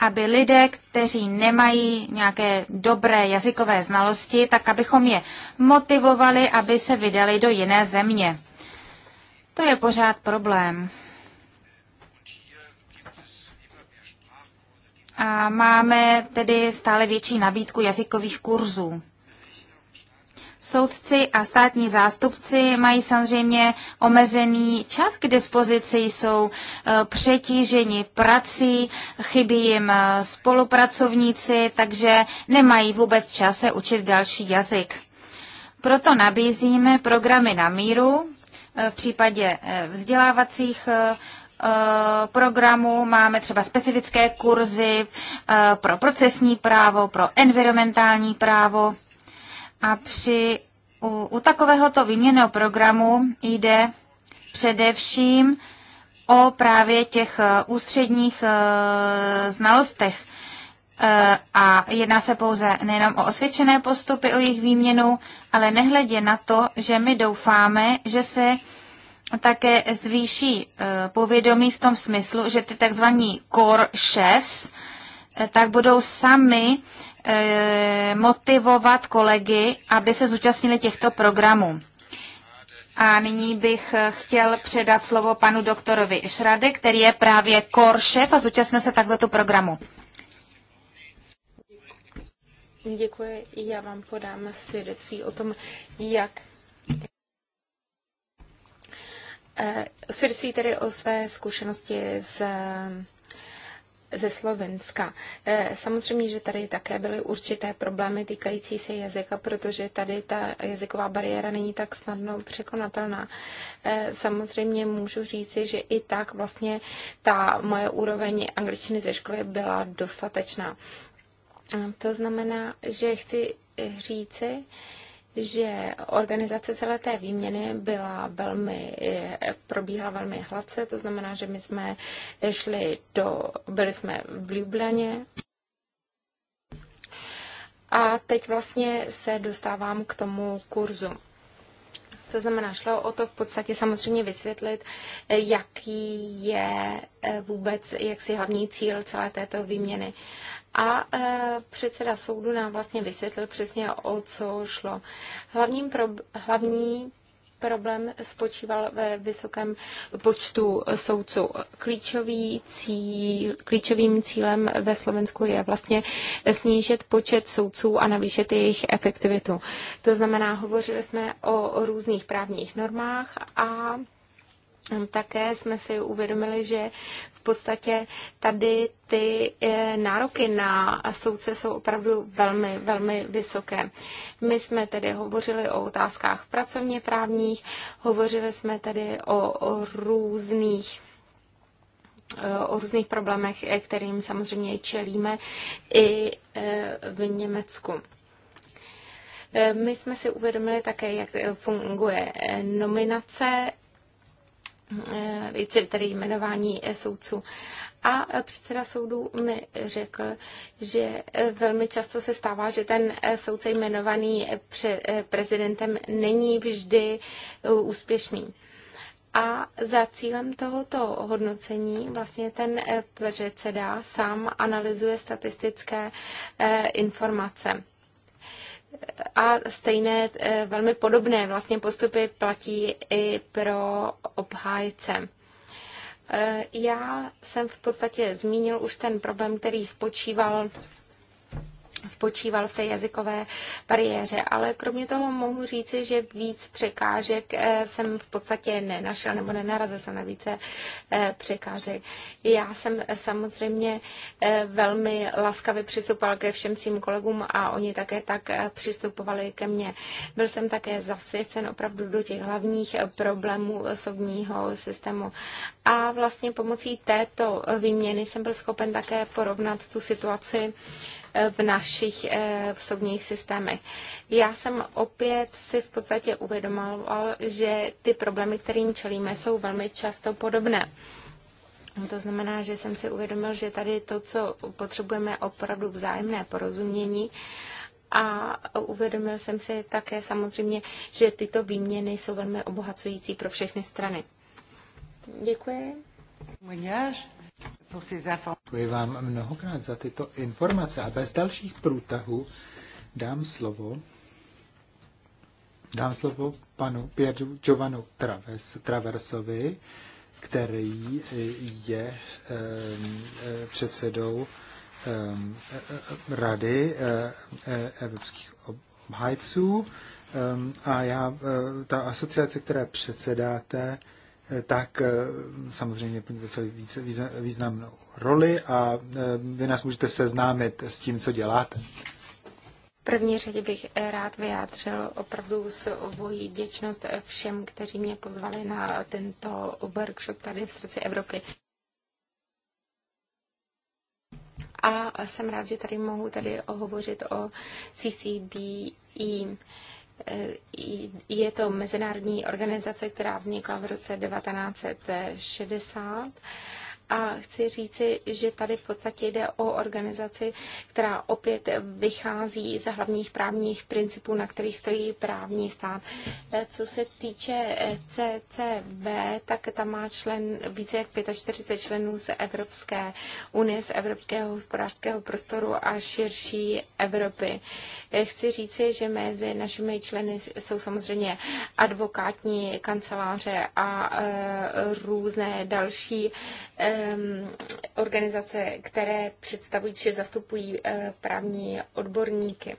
aby lidé, kteří nemají nějaké dobré jazykové znalosti, tak abychom je motivovali, aby se vydali do jiné země. To je pořád problém. A máme tedy stále větší nabídku jazykových kurzů. Soudci a státní zástupci mají samozřejmě omezený čas k dispozici, jsou eh, přetíženi prací, chybí jim eh, spolupracovníci, takže nemají vůbec čas se učit další jazyk. Proto nabízíme programy na míru. Eh, v případě vzdělávacích programů máme třeba specifické kurzy pro procesní právo, pro environmentální právo a při, u, u takovéhoto výměného programu jde především o právě těch eh, ústředních eh, znalostech. Eh, a jedná se pouze nejenom o osvědčené postupy, o jejich výměnu, ale nehledě na to, že my doufáme, že se také zvýší povědomí v tom smyslu, že ty tzv. core chefs tak budou sami Eh, motivovat kolegy, aby se zúčastnili těchto programů. A nyní bych eh, chtěl předat slovo panu doktorovi Šrade, který je právě Koršev a zúčastnil se takhle tu programu. Děkuji. Já vám podám svědectví o tom, jak eh, svědectví tedy o své zkušenosti z ze Slovenska. Eh, samozřejmě, že tady také byly určité problémy týkající se jazyka, protože tady ta jazyková bariéra není tak snadno překonatelná. Eh, samozřejmě můžu říci, že i tak vlastně ta moje úroveň angličtiny ze školy byla dostatečná. Eh, to znamená, že chci říci, že organizace celé té výměny byla velmi, probíhala velmi hladce, to znamená, že my jsme šli do, byli jsme v Ljubljaně, a teď vlastně se dostávám k tomu kurzu. To znamená, šlo o to v podstatě samozřejmě vysvětlit, jaký je eh, vůbec jaksi hlavní cíl celé této výměny a e, předseda soudu nám vlastně vysvětlil přesně, o co šlo. Hlavním pro, hlavní problém spočíval ve vysokém počtu soudců. Klíčový cíl, klíčovým cílem ve Slovensku je vlastně snížit počet soudců a navýšit jejich efektivitu. To znamená, hovořili jsme o různých právních normách a Hm, také jsme si uvědomili, že v podstatě tady ty eh, nároky na soudce jsou opravdu velmi, velmi vysoké. My jsme tedy hovořili o otázkách pracovně právních, hovořili jsme tedy o, o různých eh, o různých problémech, eh, kterým samozřejmě čelíme i v Německu. My jsme si uvědomili také, jak funguje nominace Eh, tedy jmenování eh, soudců. A eh, předseda soudu mi řekl, že velmi často se stává, že ten soudce jmenovaný prezidentem není vždy úspěšný. A za cílem tohoto hodnocení vlastně ten předseda sám analyzuje statistické informace a stejné, eh, velmi podobné vlastně postupy platí i pro obhájce. Eh, já jsem v podstatě zmínil už ten problém, který spočíval spočíval v té jazykové bariéře, ale kromě toho mohu říci, že víc překážek eh, jsem v podstatě nenašel nebo nenarazil jsem na více eh, překážek. Já jsem eh, samozřejmě velmi laskavě přistupoval ke všem svým kolegům a oni také tak přistupovali ke mně. Byl jsem také zasvěcen opravdu do těch hlavních problémů osobního systému. A vlastně pomocí této výměny jsem byl schopen také porovnat tu situaci v našich eh, soudních systémech. Já jsem opět si v podstatě uvědomoval, že ty problémy, kterým čelíme, jsou velmi často podobné. To znamená, že jsem si uvědomil, že tady to, co potřebujeme, opravdu vzájemné porozumění a uvědomil jsem si také samozřejmě, že tyto výměny jsou velmi obohacující pro všechny strany. Děkuji. Děkuji vám mnohokrát za tyto informace a bez dalších průtahů dám slovo dám slovo panu Pieru Giovanu Traves, Traversovi, který eh, je ehm, eh, předsedou ehm, eh, Rady evropských obhajců ehm, a já, ta asociace, které předsedáte, tak eh, samozřejmě plní docela významnou roli a eh, vy nás můžete seznámit s tím, co děláte. V první řadě bych eh, rád vyjádřil opravdu svoji děčnost všem, kteří mě pozvali na tento workshop tady v srdci Evropy. A jsem rád, že tady mohu tady hovořit o CCDE. Eh, je to mezinárodní organizace, která vznikla v roce 1960 a chci říci, že tady v podstatě jde o organizaci, která opět vychází z hlavních právních principů, na kterých stojí právní stát. Eh, co se týče eh, CCB, tak tam má člen více jak 45 členů z Evropské unie, z Evropského hospodářského prostoru a širší Evropy chci říci, že mezi našimi členy jsou samozřejmě advokátní kanceláře a e, různé další organizace, které představují či zastupují e, právní odborníky.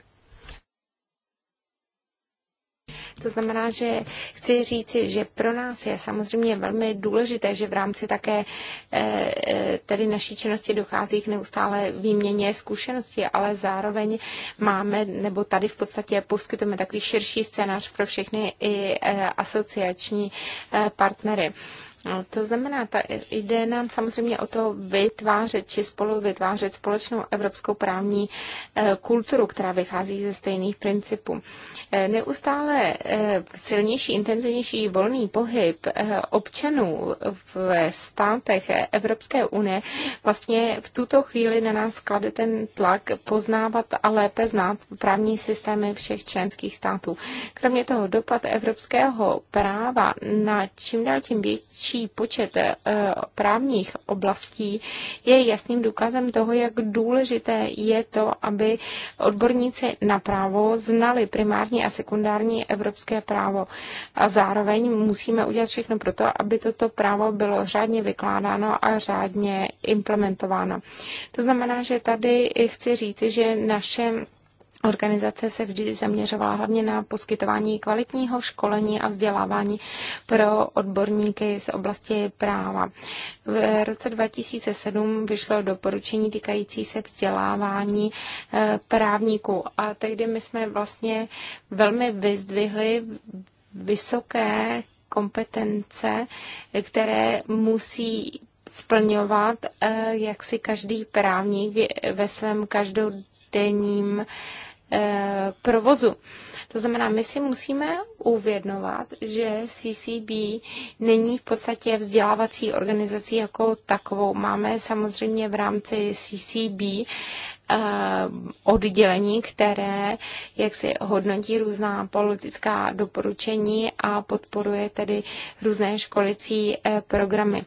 To znamená, že chci říci, že pro nás je samozřejmě velmi důležité, že v rámci také eh, eh, tedy naší činnosti dochází k neustále výměně zkušeností, ale zároveň máme, nebo tady v podstatě poskytujeme takový širší scénář pro všechny i eh, asociační partnery. No, to znamená, ta jde nám samozřejmě o to vytvářet či spolu vytvářet společnou evropskou právní eh, kulturu, která vychází ze stejných principů. Eh, neustále eh, silnější, intenzivnější volný pohyb občanů v státech Evropské unie vlastně v tuto chvíli na nás klade ten tlak poznávat a lépe znát právní systémy všech členských států. Kromě toho dopad evropského práva na čím dál tím větší větší počet eh, právních oblastí je jasným důkazem toho, jak důležité je to, aby odborníci na právo znali primární a sekundární evropské právo. A zároveň musíme udělat všechno pro to, aby toto právo bylo řádně vykládáno a řádně implementováno. To znamená, že tady chci říci, že naše Organizace se vždy zaměřovala hlavně na poskytování kvalitního školení a vzdělávání pro odborníky z oblasti práva. V roce 2007 vyšlo doporučení týkající se vzdělávání eh, právníků a tehdy my jsme vlastně velmi vyzdvihli vysoké kompetence, které musí splňovat eh, jak si každý právník ve svém každodenním Eh, provozu. To znamená, my si musíme uvědnovat, že CCB není v podstatě vzdělávací organizací jako takovou. Máme samozřejmě v rámci CCB eh, oddělení, které jak si hodnotí různá politická doporučení a podporuje tedy různé školicí eh, programy.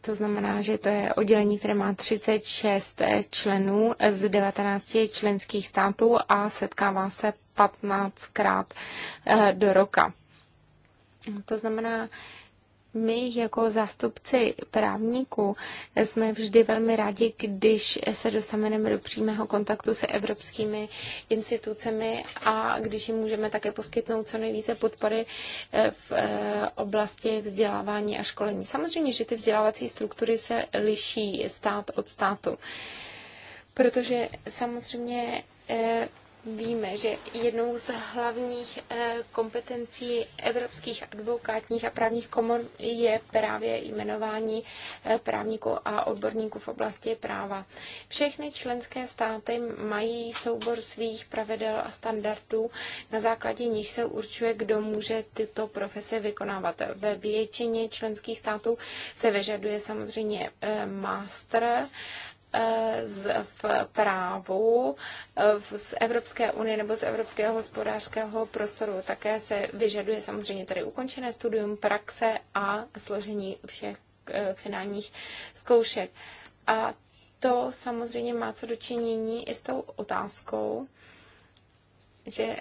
To znamená, že to je oddělení, které má 36 členů z 19 členských států a setkává se 15krát eh, do roka. To znamená, my jako zástupci právníků jsme vždy velmi rádi, když se dostaneme do přímého kontaktu se evropskými institucemi a když jim můžeme také poskytnout co nejvíce podpory eh, v eh, oblasti vzdělávání a školení. Samozřejmě, že ty vzdělávací struktury se liší stát od státu, protože samozřejmě eh, víme, že jednou z hlavních eh, kompetencí evropských advokátních a právních komor je právě jmenování eh, právníků a odborníků v oblasti práva. Všechny členské státy mají soubor svých pravidel a standardů, na základě nich se určuje, kdo může tyto profese vykonávat. Ve většině členských států se vyžaduje samozřejmě eh, master v právu z Evropské unie nebo z Evropského hospodářského prostoru. Také se vyžaduje samozřejmě tady ukončené studium praxe a složení všech eh, finálních zkoušek. A to samozřejmě má co dočinění i s tou otázkou, že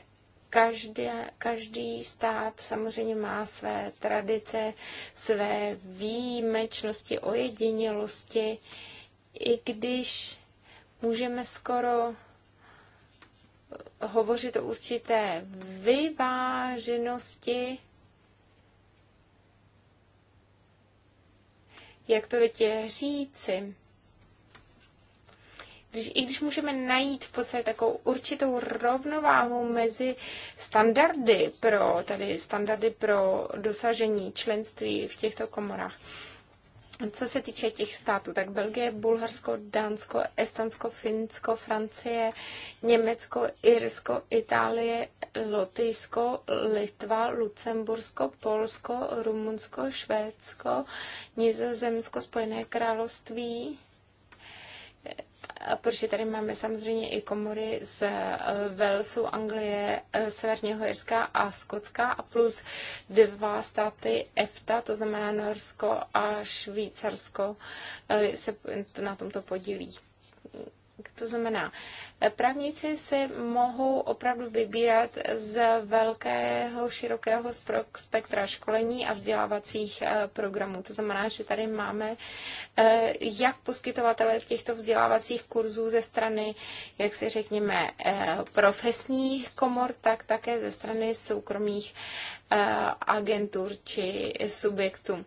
každý, každý stát samozřejmě má své tradice, své výjimečnosti, ojedinělosti i když můžeme skoro hovořit o určité vyváženosti, jak to teď říci, když, i když můžeme najít v podstatě takovou určitou rovnováhu mezi standardy pro, tady standardy pro dosažení členství v těchto komorách, co se týče těch států, tak Belgie, Bulharsko, Dánsko, Estonsko, Finsko, Francie, Německo, Irsko, Itálie, Lotyšsko, Litva, Lucembursko, Polsko, Rumunsko, Švédsko, Nizozemsko, Spojené království, protože tady máme samozřejmě i komory z eh, Walesu, Anglie, eh, Severního Jirska a Skotska a plus dva státy EFTA, to znamená Norsko a Švýcarsko, eh, se na tomto podílí. To znamená, eh, právníci si mohou opravdu vybírat z velkého, širokého spektra školení a vzdělávacích eh, programů. To znamená, že tady máme eh, jak poskytovatele těchto vzdělávacích kurzů ze strany, jak si řekněme, profesních komor, tak také ze strany soukromých agentur či subjektů.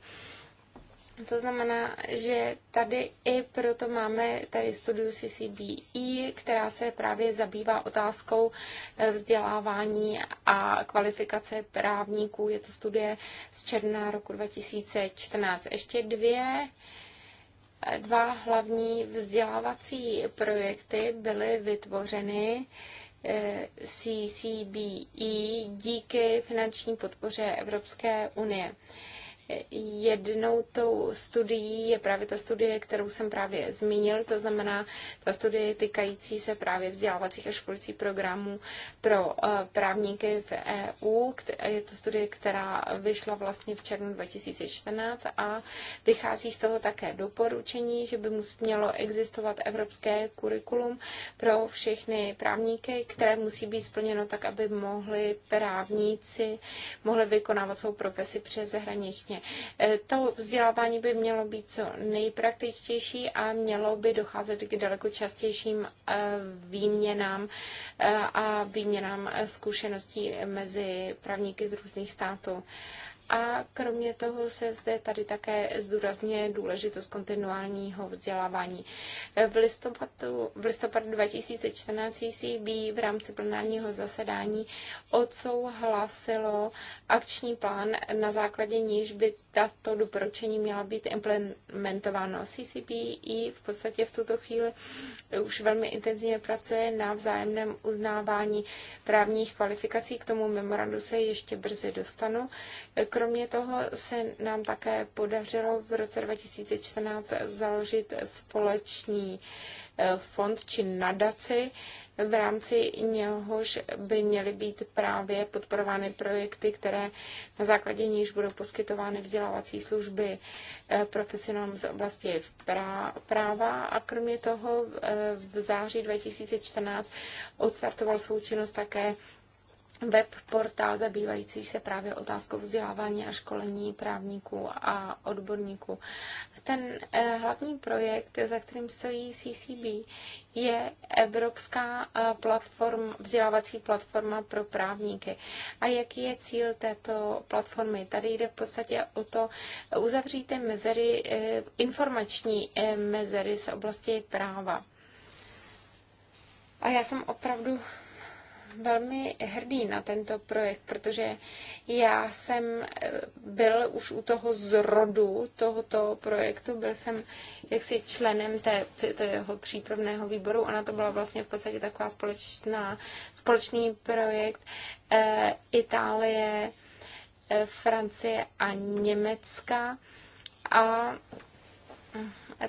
To znamená, že tady i proto máme tady studiu CCBE, která se právě zabývá otázkou eh, vzdělávání a kvalifikace právníků. Je to studie z června roku 2014. Ještě dvě dva hlavní vzdělávací projekty byly vytvořeny eh, CCBE díky finanční podpoře Evropské unie. Jednou tou studií je právě ta studie, kterou jsem právě zmínil, to znamená ta studie týkající se právě vzdělávacích a školicích programů pro eh, právníky v EU. Je to studie, která vyšla vlastně v červnu 2014 a vychází z toho také doporučení, že by mělo existovat evropské kurikulum pro všechny právníky, které musí být splněno tak, aby mohli právníci mohli vykonávat svou profesi přes zahraniční společně. E, to vzdělávání by mělo být co nejpraktičtější a mělo by docházet k daleko častějším e, výměnám e, a výměnám zkušeností mezi právníky z různých států. A kromě toho se zde tady také zdůrazňuje důležitost kontinuálního vzdělávání. V listopadu, v listopadu 2014 CCB v rámci plenárního zasedání odsouhlasilo akční plán, na základě níž by tato doporučení měla být implementováno. CCB i v podstatě v tuto chvíli už velmi intenzivně pracuje na vzájemném uznávání právních kvalifikací. K tomu memorandu se ještě brzy dostanu. Kromě toho se nám také podařilo v roce 2014 založit společný eh, fond či nadaci, v rámci něhož by měly být právě podporovány projekty, které na základě níž budou poskytovány vzdělávací služby eh, profesionálům z oblasti práva a kromě toho v eh, září 2014 odstartoval svou činnost také web portál zabývající se právě otázkou vzdělávání a školení právníků a odborníků. Ten eh, hlavní projekt, za kterým stojí CCB, je Evropská eh, platform, vzdělávací platforma pro právníky. A jaký je cíl této platformy? Tady jde v podstatě o to, uzavřít mezery, eh, informační mezery z oblasti práva. A já jsem opravdu velmi hrdý na tento projekt, protože já jsem eh, byl už u toho zrodu tohoto projektu, byl jsem jaksi členem té, tého přípravného výboru. Ona to byla vlastně v podstatě taková společná, společný projekt e, Itálie, e, Francie a Německa. A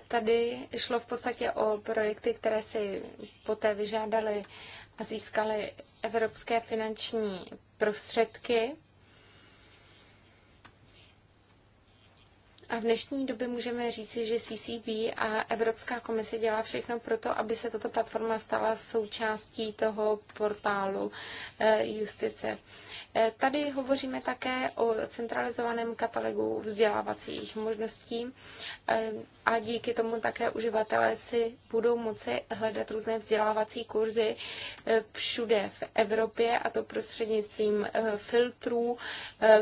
Tady šlo v podstatě o projekty, které si poté vyžádaly a získali evropské finanční prostředky. A v dnešní době můžeme říci, že CCB a Evropská komise dělá všechno pro to, aby se tato platforma stala součástí toho portálu eh, justice. Eh, tady hovoříme také o centralizovaném katalogu vzdělávacích možností eh, a díky tomu také uživatelé si budou moci hledat různé vzdělávací kurzy eh, všude v Evropě a to prostřednictvím filtrů,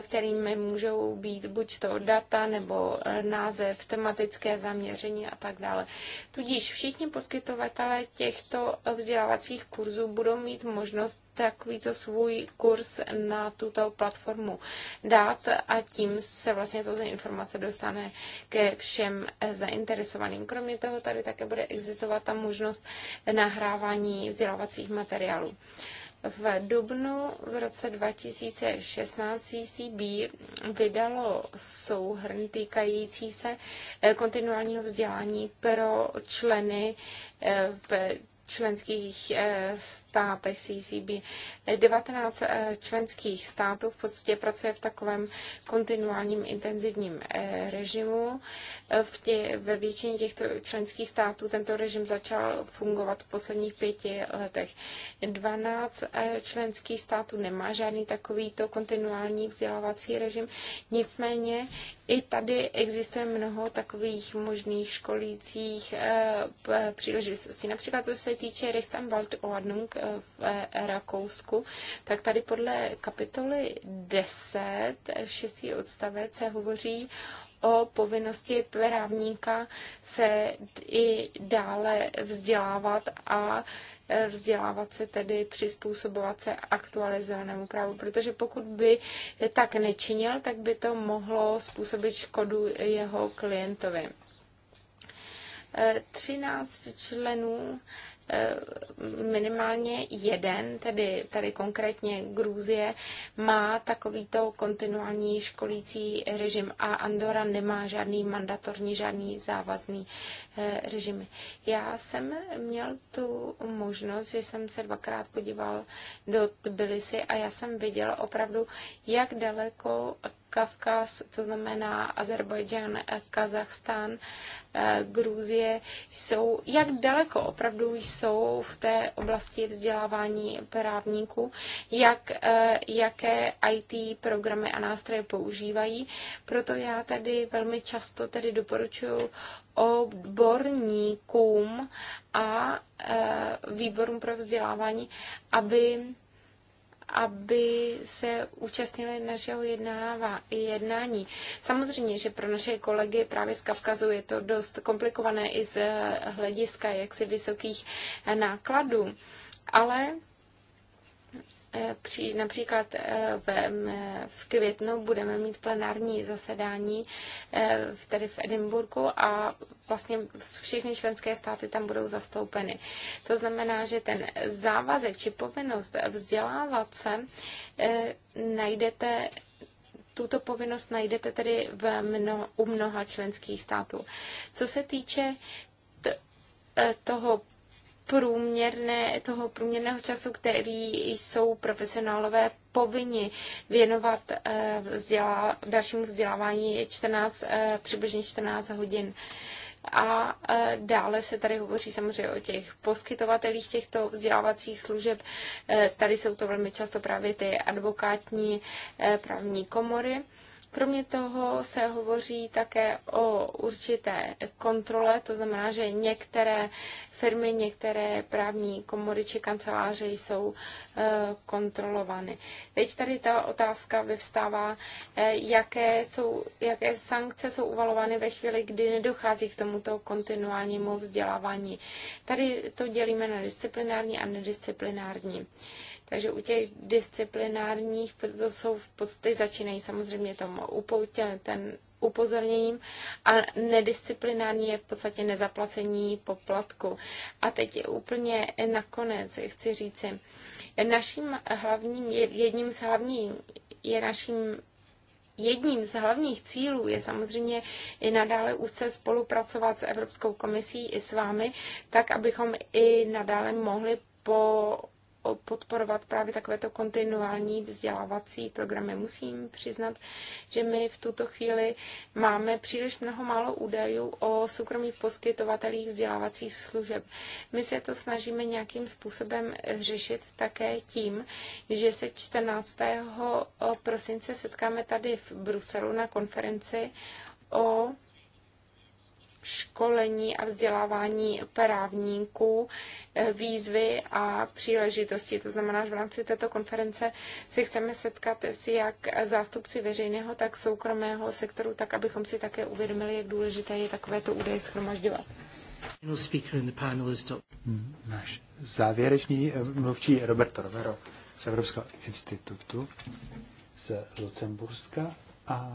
kterými můžou být buď to data nebo název, tematické zaměření a tak dále. Tudíž všichni poskytovatelé těchto vzdělávacích kurzů budou mít možnost takovýto svůj kurz na tuto platformu dát a tím se vlastně to informace dostane ke všem zainteresovaným. Kromě toho tady také bude existovat ta možnost nahrávání vzdělávacích materiálů. V dubnu v roce 2016 CCB vydalo souhrn týkající se eh, kontinuálního vzdělání pro členy eh, v členských eh, Státy CCB. 19 členských států v podstatě pracuje v takovém kontinuálním intenzivním eh, režimu. Eh, v tě, ve většině těchto členských států tento režim začal fungovat v posledních pěti letech. 12 eh, členských států nemá žádný takovýto kontinuální vzdělávací režim, nicméně i tady existuje mnoho takových možných školících příležitostí. Například co se týče Rechtsanwalt Ordnung v Rakousku, tak tady podle kapitoly 10, šestý odstavec, se hovoří o povinnosti právníka se i dále vzdělávat a e, vzdělávat se tedy, přizpůsobovat se aktualizovanému právu, protože pokud by tak nečinil, tak by to mohlo způsobit škodu jeho klientovi. 13 e, členů Eh, minimálně jeden, tedy tady konkrétně Gruzie, má takovýto kontinuální školící režim a Andora nemá žádný mandatorní, žádný závazný eh, režim. Já jsem měl tu možnost, že jsem se dvakrát podíval do Tbilisi a já jsem viděl opravdu, jak daleko Kavkaz, to znamená Azerbajdžan, Kazachstán, eh, Gruzie, jsou, jak daleko opravdu jsou v té oblasti vzdělávání právníků, jak, eh, jaké IT programy a nástroje používají. Proto já tady velmi často tedy doporučuji odborníkům a eh, výborům pro vzdělávání, aby aby se účastnili našeho jednává, jednání. Samozřejmě, že pro naše kolegy právě z Kavkazu je to dost komplikované i z hlediska jaksi vysokých nákladů, ale Eh, při, například eh, v, eh, v květnu budeme mít plenární zasedání tady v Edinburgu a vlastně všechny členské státy tam budou zastoupeny. To znamená, že ten závazek či povinnost vzdělávat se najdete tuto povinnost najdete tedy v mno, u mnoha členských států. Co se týče toho průměrné, toho průměrného času, který jsou profesionálové povinni věnovat eh, vzdělá, dalšímu vzdělávání je 14, eh, přibližně 14 hodin. A eh, dále se tady hovoří samozřejmě o těch poskytovatelích těchto vzdělávacích služeb. Tady jsou to velmi často právě ty advokátní právní komory. Kromě toho se hovoří také o určité kontrole, to znamená, že některé firmy, některé právní komory či kanceláře jsou eh, kontrolovány. Teď tady ta otázka vyvstává, eh, jaké, jsou, jaké sankce jsou uvalovány ve chvíli, kdy nedochází k tomuto kontinuálnímu vzdělávání. Tady to dělíme na disciplinární a nedisciplinární. Takže u těch disciplinárních to jsou v podstatě začínají samozřejmě tomu upoutě, ten upozorněním a nedisciplinární je v podstatě nezaplacení poplatku. A teď úplně nakonec chci říci, naším hlavním, jedním z hlavním, je naším Jedním z hlavních cílů je samozřejmě i nadále úzce spolupracovat s Evropskou komisí i s vámi, tak abychom i nadále mohli po podporovat právě takovéto kontinuální vzdělávací programy. Musím přiznat, že my v tuto chvíli máme příliš mnoho málo údajů o soukromých poskytovatelích vzdělávacích služeb. My se to snažíme nějakým způsobem řešit také tím, že se 14. prosince setkáme tady v Bruselu na konferenci o školení a vzdělávání právníků, eh, výzvy a příležitosti. To znamená, že v rámci této konference si chceme setkat s jak zástupci veřejného, tak soukromého sektoru, tak abychom si také uvědomili, jak důležité je takovéto údaje schromažďovat. Hmm, náš závěrečný eh, mluvčí Roberto Rovero z Evropského institutu z Lucemburska a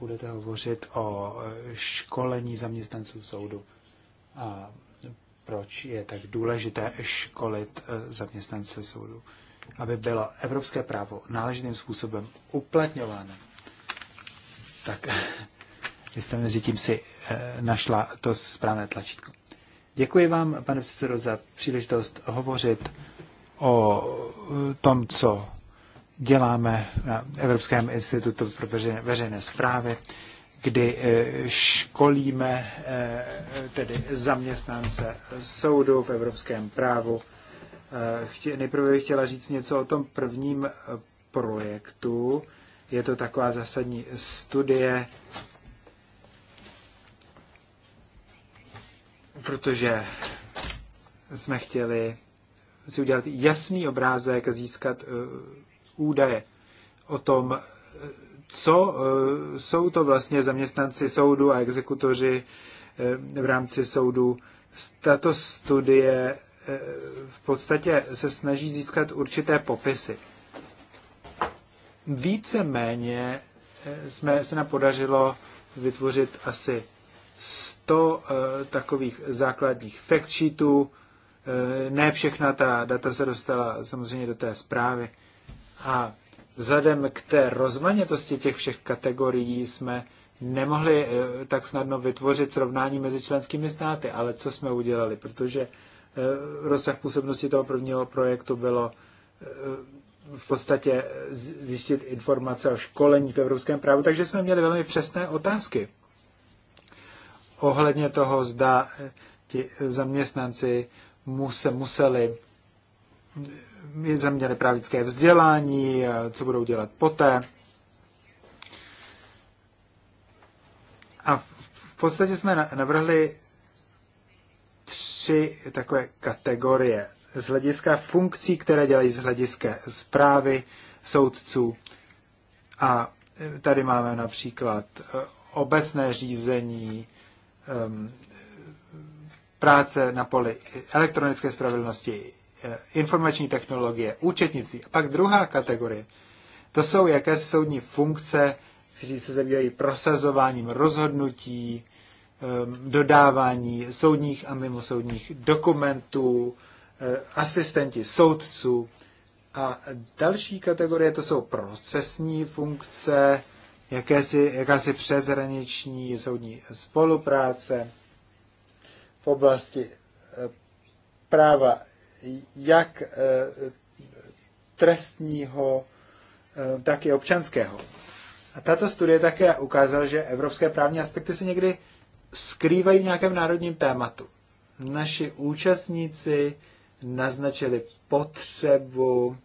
budete hovořit o školení zaměstnanců soudu a proč je tak důležité školit eh, zaměstnance soudu, aby bylo evropské právo náležitým způsobem uplatňováno. Tak vy jste mezi tím si eh, našla to správné tlačítko. Děkuji vám, pane předsedo, za příležitost hovořit o eh, tom, co děláme na Evropském institutu pro veřejné, veřejné zprávy, kdy eh, školíme eh, tedy zaměstnance soudu v evropském právu. Eh, nejprve bych chtěla říct něco o tom prvním projektu. Je to taková zásadní studie, protože jsme chtěli si udělat jasný obrázek, získat údaje o tom, eh, co eh, jsou to vlastně zaměstnanci soudu a exekutoři eh, v rámci soudu. Tato studie v podstatě se snaží získat určité popisy. Víceméně jsme, se nám podařilo vytvořit asi 100 takových základních fact sheetů. Ne všechna ta data se dostala samozřejmě do té zprávy. A vzhledem k té rozmanitosti těch všech kategorií jsme nemohli eh, tak snadno vytvořit srovnání mezi členskými státy, ale co jsme udělali, protože eh, rozsah působnosti toho prvního projektu bylo eh, v podstatě zjistit informace o školení v evropském právu, takže jsme měli velmi přesné otázky ohledně toho, zda ti zaměstnanci se museli my právnické vzdělání, co budou dělat poté. A v podstatě jsme navrhli tři takové kategorie z hlediska funkcí, které dělají z hlediska zprávy soudců. A tady máme například eh, obecné řízení, ehm, práce na poli elektronické spravedlnosti, Eh, informační technologie, účetnictví. A pak druhá kategorie, to jsou jakési soudní funkce, kteří se zabývají prosazováním rozhodnutí, ehm, dodávání soudních a mimosoudních dokumentů, eh, asistenti soudců. A další kategorie to jsou procesní funkce, jakési, jakási přeshraniční soudní spolupráce v oblasti eh, práva jak eh, trestního, eh, tak i občanského. A tato studie také ukázala, že evropské právní aspekty se někdy skrývají v nějakém národním tématu. Naši účastníci naznačili potřebu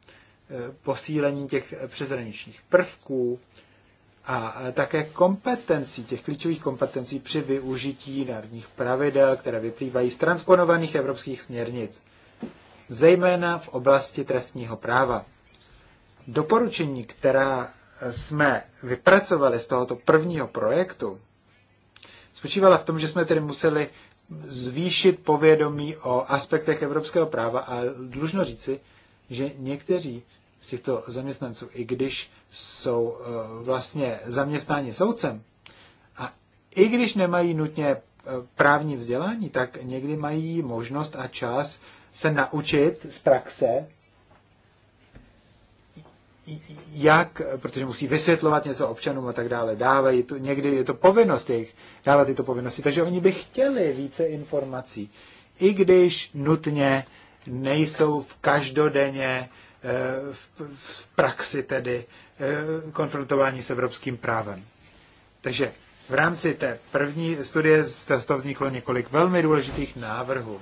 eh, posílení těch přeshraničních prvků a také kompetencí, těch klíčových kompetencí při využití národních pravidel, které vyplývají z transponovaných evropských směrnic zejména v oblasti trestního práva. Doporučení, která jsme vypracovali z tohoto prvního projektu, spočívala v tom, že jsme tedy museli zvýšit povědomí o aspektech evropského práva a dlužno říci, že někteří z těchto zaměstnanců, i když jsou e, vlastně zaměstnáni soudcem, a i když nemají nutně e, právní vzdělání, tak někdy mají možnost a čas se naučit z praxe, jak, protože musí vysvětlovat něco občanům a tak dále, dávají tu, někdy je to povinnost jejich dávat tyto povinnosti, takže oni by chtěli více informací, i když nutně nejsou v každodenně eh, v, v praxi tedy eh, konfrontování s evropským právem. Takže v rámci té první studie z toho vzniklo několik velmi důležitých návrhů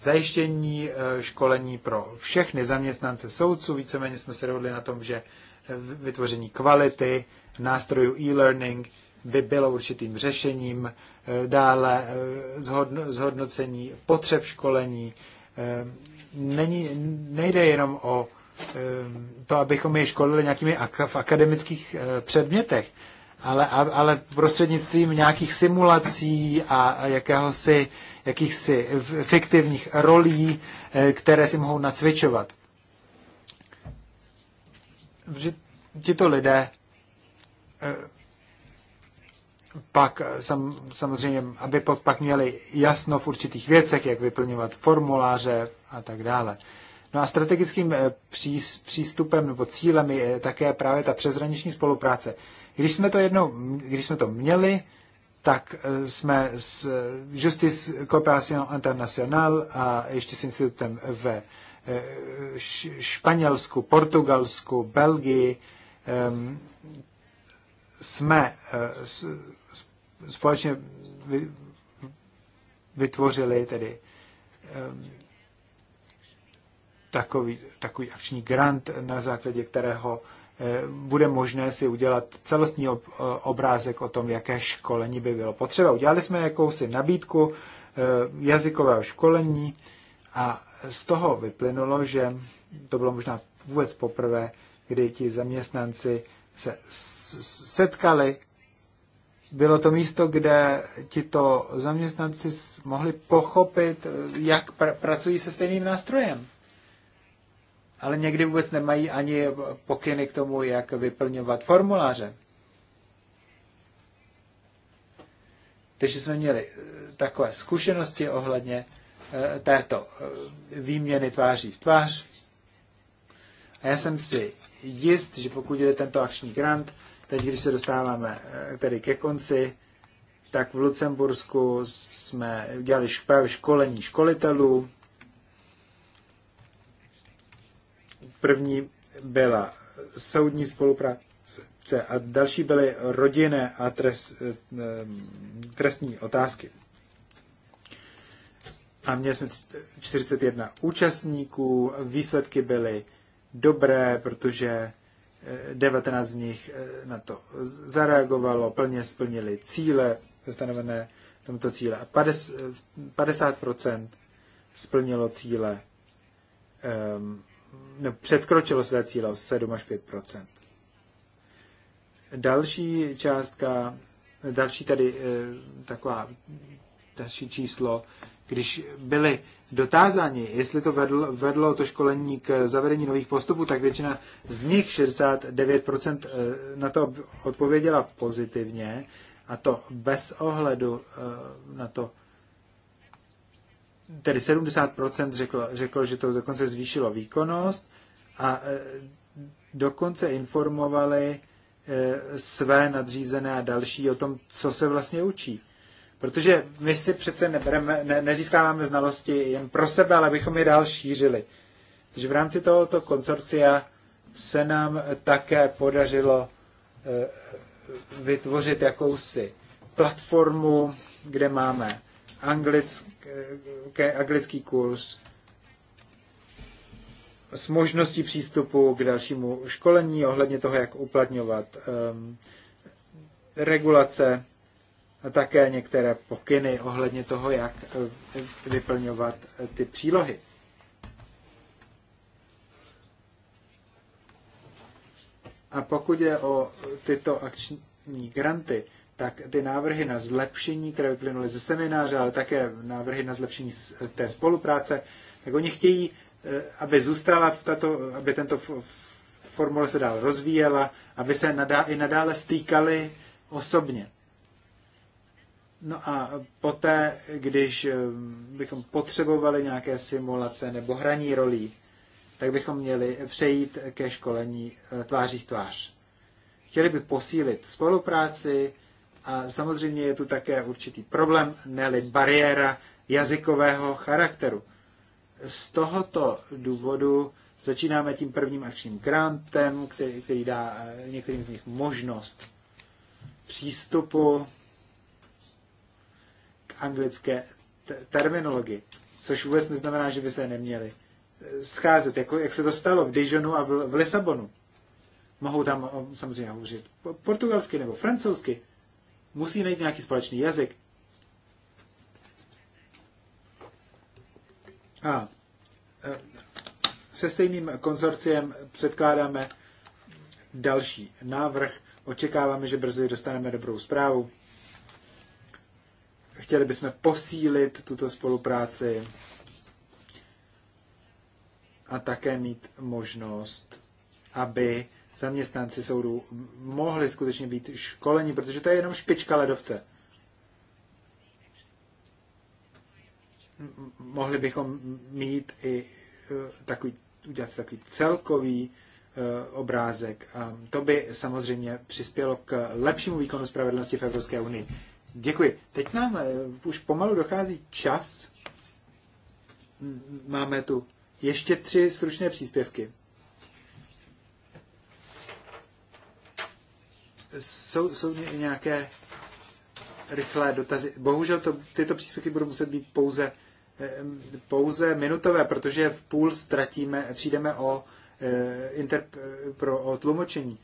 zajištění eh, školení pro všechny zaměstnance soudců. Víceméně jsme se dohodli na tom, že eh, vytvoření kvality nástrojů e-learning by bylo určitým řešením. Eh, dále zhodnocení potřeb školení. Není, nejde jenom o to, abychom je školili nějakými v akademických předmětech, ale, ale prostřednictvím nějakých simulací a jakéhosi, jakýchsi fiktivních rolí, eh, které si mohou nacvičovat. Protože tito lidé eh, pak sam, samozřejmě, aby pak měli jasno v určitých věcech, jak vyplňovat formuláře a tak dále. No a strategickým eh, přístupem nebo cílem je eh, také právě ta přezraniční spolupráce. Když jsme to jednou, když jsme to měli, tak eh, jsme s Justice Cooperation International a ještě s institutem v Španělsku, Portugalsku, Belgii ehm, jsme společně vytvořili tedy ehm, takový, takový akční grant, na základě kterého eh, bude možné si udělat celostní eh, obrázek o tom, jaké školení by bylo potřeba. Udělali jsme jakousi nabídku eh, jazykového školení a z toho vyplynulo, že to bylo možná vůbec poprvé, kdy ti zaměstnanci se setkali. Bylo to místo, kde tito zaměstnanci mohli pochopit, jak pr- pracují se stejným nástrojem ale někdy vůbec nemají ani pokyny k tomu, jak vyplňovat formuláře. Takže jsme měli eh, takové zkušenosti ohledně eh, této eh, výměny tváří v tvář. A já jsem si jist, že pokud jde tento akční grant, teď když se dostáváme tedy ke konci, tak v Lucembursku jsme dělali školení školitelů, První byla soudní spolupráce a další byly rodinné a trest, eh, trestní otázky. A měli jsme 41 účastníků, výsledky byly dobré, protože 19 eh, z nich eh, na to zareagovalo, plně splnili cíle stanovené tomto cíle. A 50% splnilo cíle um, ne, no, předkročilo své cíle o 7 až 5 Další částka, další tady eh, taková, další číslo, když byli dotázáni, jestli to vedlo, vedlo to školení k zavedení nových postupů, tak většina z nich, 69%, eh, na to odpověděla pozitivně, a to bez ohledu eh, na to, tedy 70% řeklo, řeklo, že to dokonce zvýšilo výkonnost a e, dokonce informovali e, své nadřízené a další o tom, co se vlastně učí. Protože my si přece nebereme, ne, nezískáváme znalosti jen pro sebe, ale bychom je dál šířili. Takže v rámci tohoto konsorcia se nám také podařilo e, vytvořit jakousi platformu, kde máme anglické, anglický kurz s možností přístupu k dalšímu školení ohledně toho, jak uplatňovat um, regulace a také některé pokyny ohledně toho, jak eh, vyplňovat eh, ty přílohy. A pokud je o tyto akční granty, tak ty návrhy na zlepšení, které vyplynuly ze semináře, ale také návrhy na zlepšení té spolupráce, tak oni chtějí, eh, aby zůstala tato, aby tento formule se dál rozvíjela, aby se i nadále stýkali osobně. No a poté, když eh, bychom potřebovali nějaké simulace nebo hraní rolí, tak bychom měli přejít ke školení eh, tváří tvář. Chtěli by posílit spolupráci, a samozřejmě je tu také určitý problém, ne bariéra jazykového charakteru. Z tohoto důvodu začínáme tím prvním akčním grantem, který, který dá eh, některým z nich možnost přístupu k anglické terminologii, což vůbec neznamená, že by se neměli eh, scházet, jako, jak se to stalo v Dijonu a v, v Lisabonu. Mohou tam eh, samozřejmě hovořit portugalsky nebo francouzsky, Musí najít nějaký společný jazyk. A e, se stejným konzorciem předkládáme další návrh. Očekáváme, že brzy dostaneme dobrou zprávu. Chtěli bychom posílit tuto spolupráci a také mít možnost, aby zaměstnanci soudu mohli skutečně být školeni, protože to je jenom špička ledovce. Mohli bychom mít i e, takový, udělat takový celkový e, obrázek. A to by samozřejmě přispělo k lepšímu výkonu spravedlnosti v Evropské unii. Děkuji. Teď nám e, už pomalu dochází čas. Máme tu ještě tři stručné příspěvky. jsou, jsou nějaké rychlé dotazy. Bohužel to, tyto příspěvky budou muset být pouze, eh, pouze minutové, protože v půl ztratíme, přijdeme o, eh, inter, eh, pro, o tlumočení.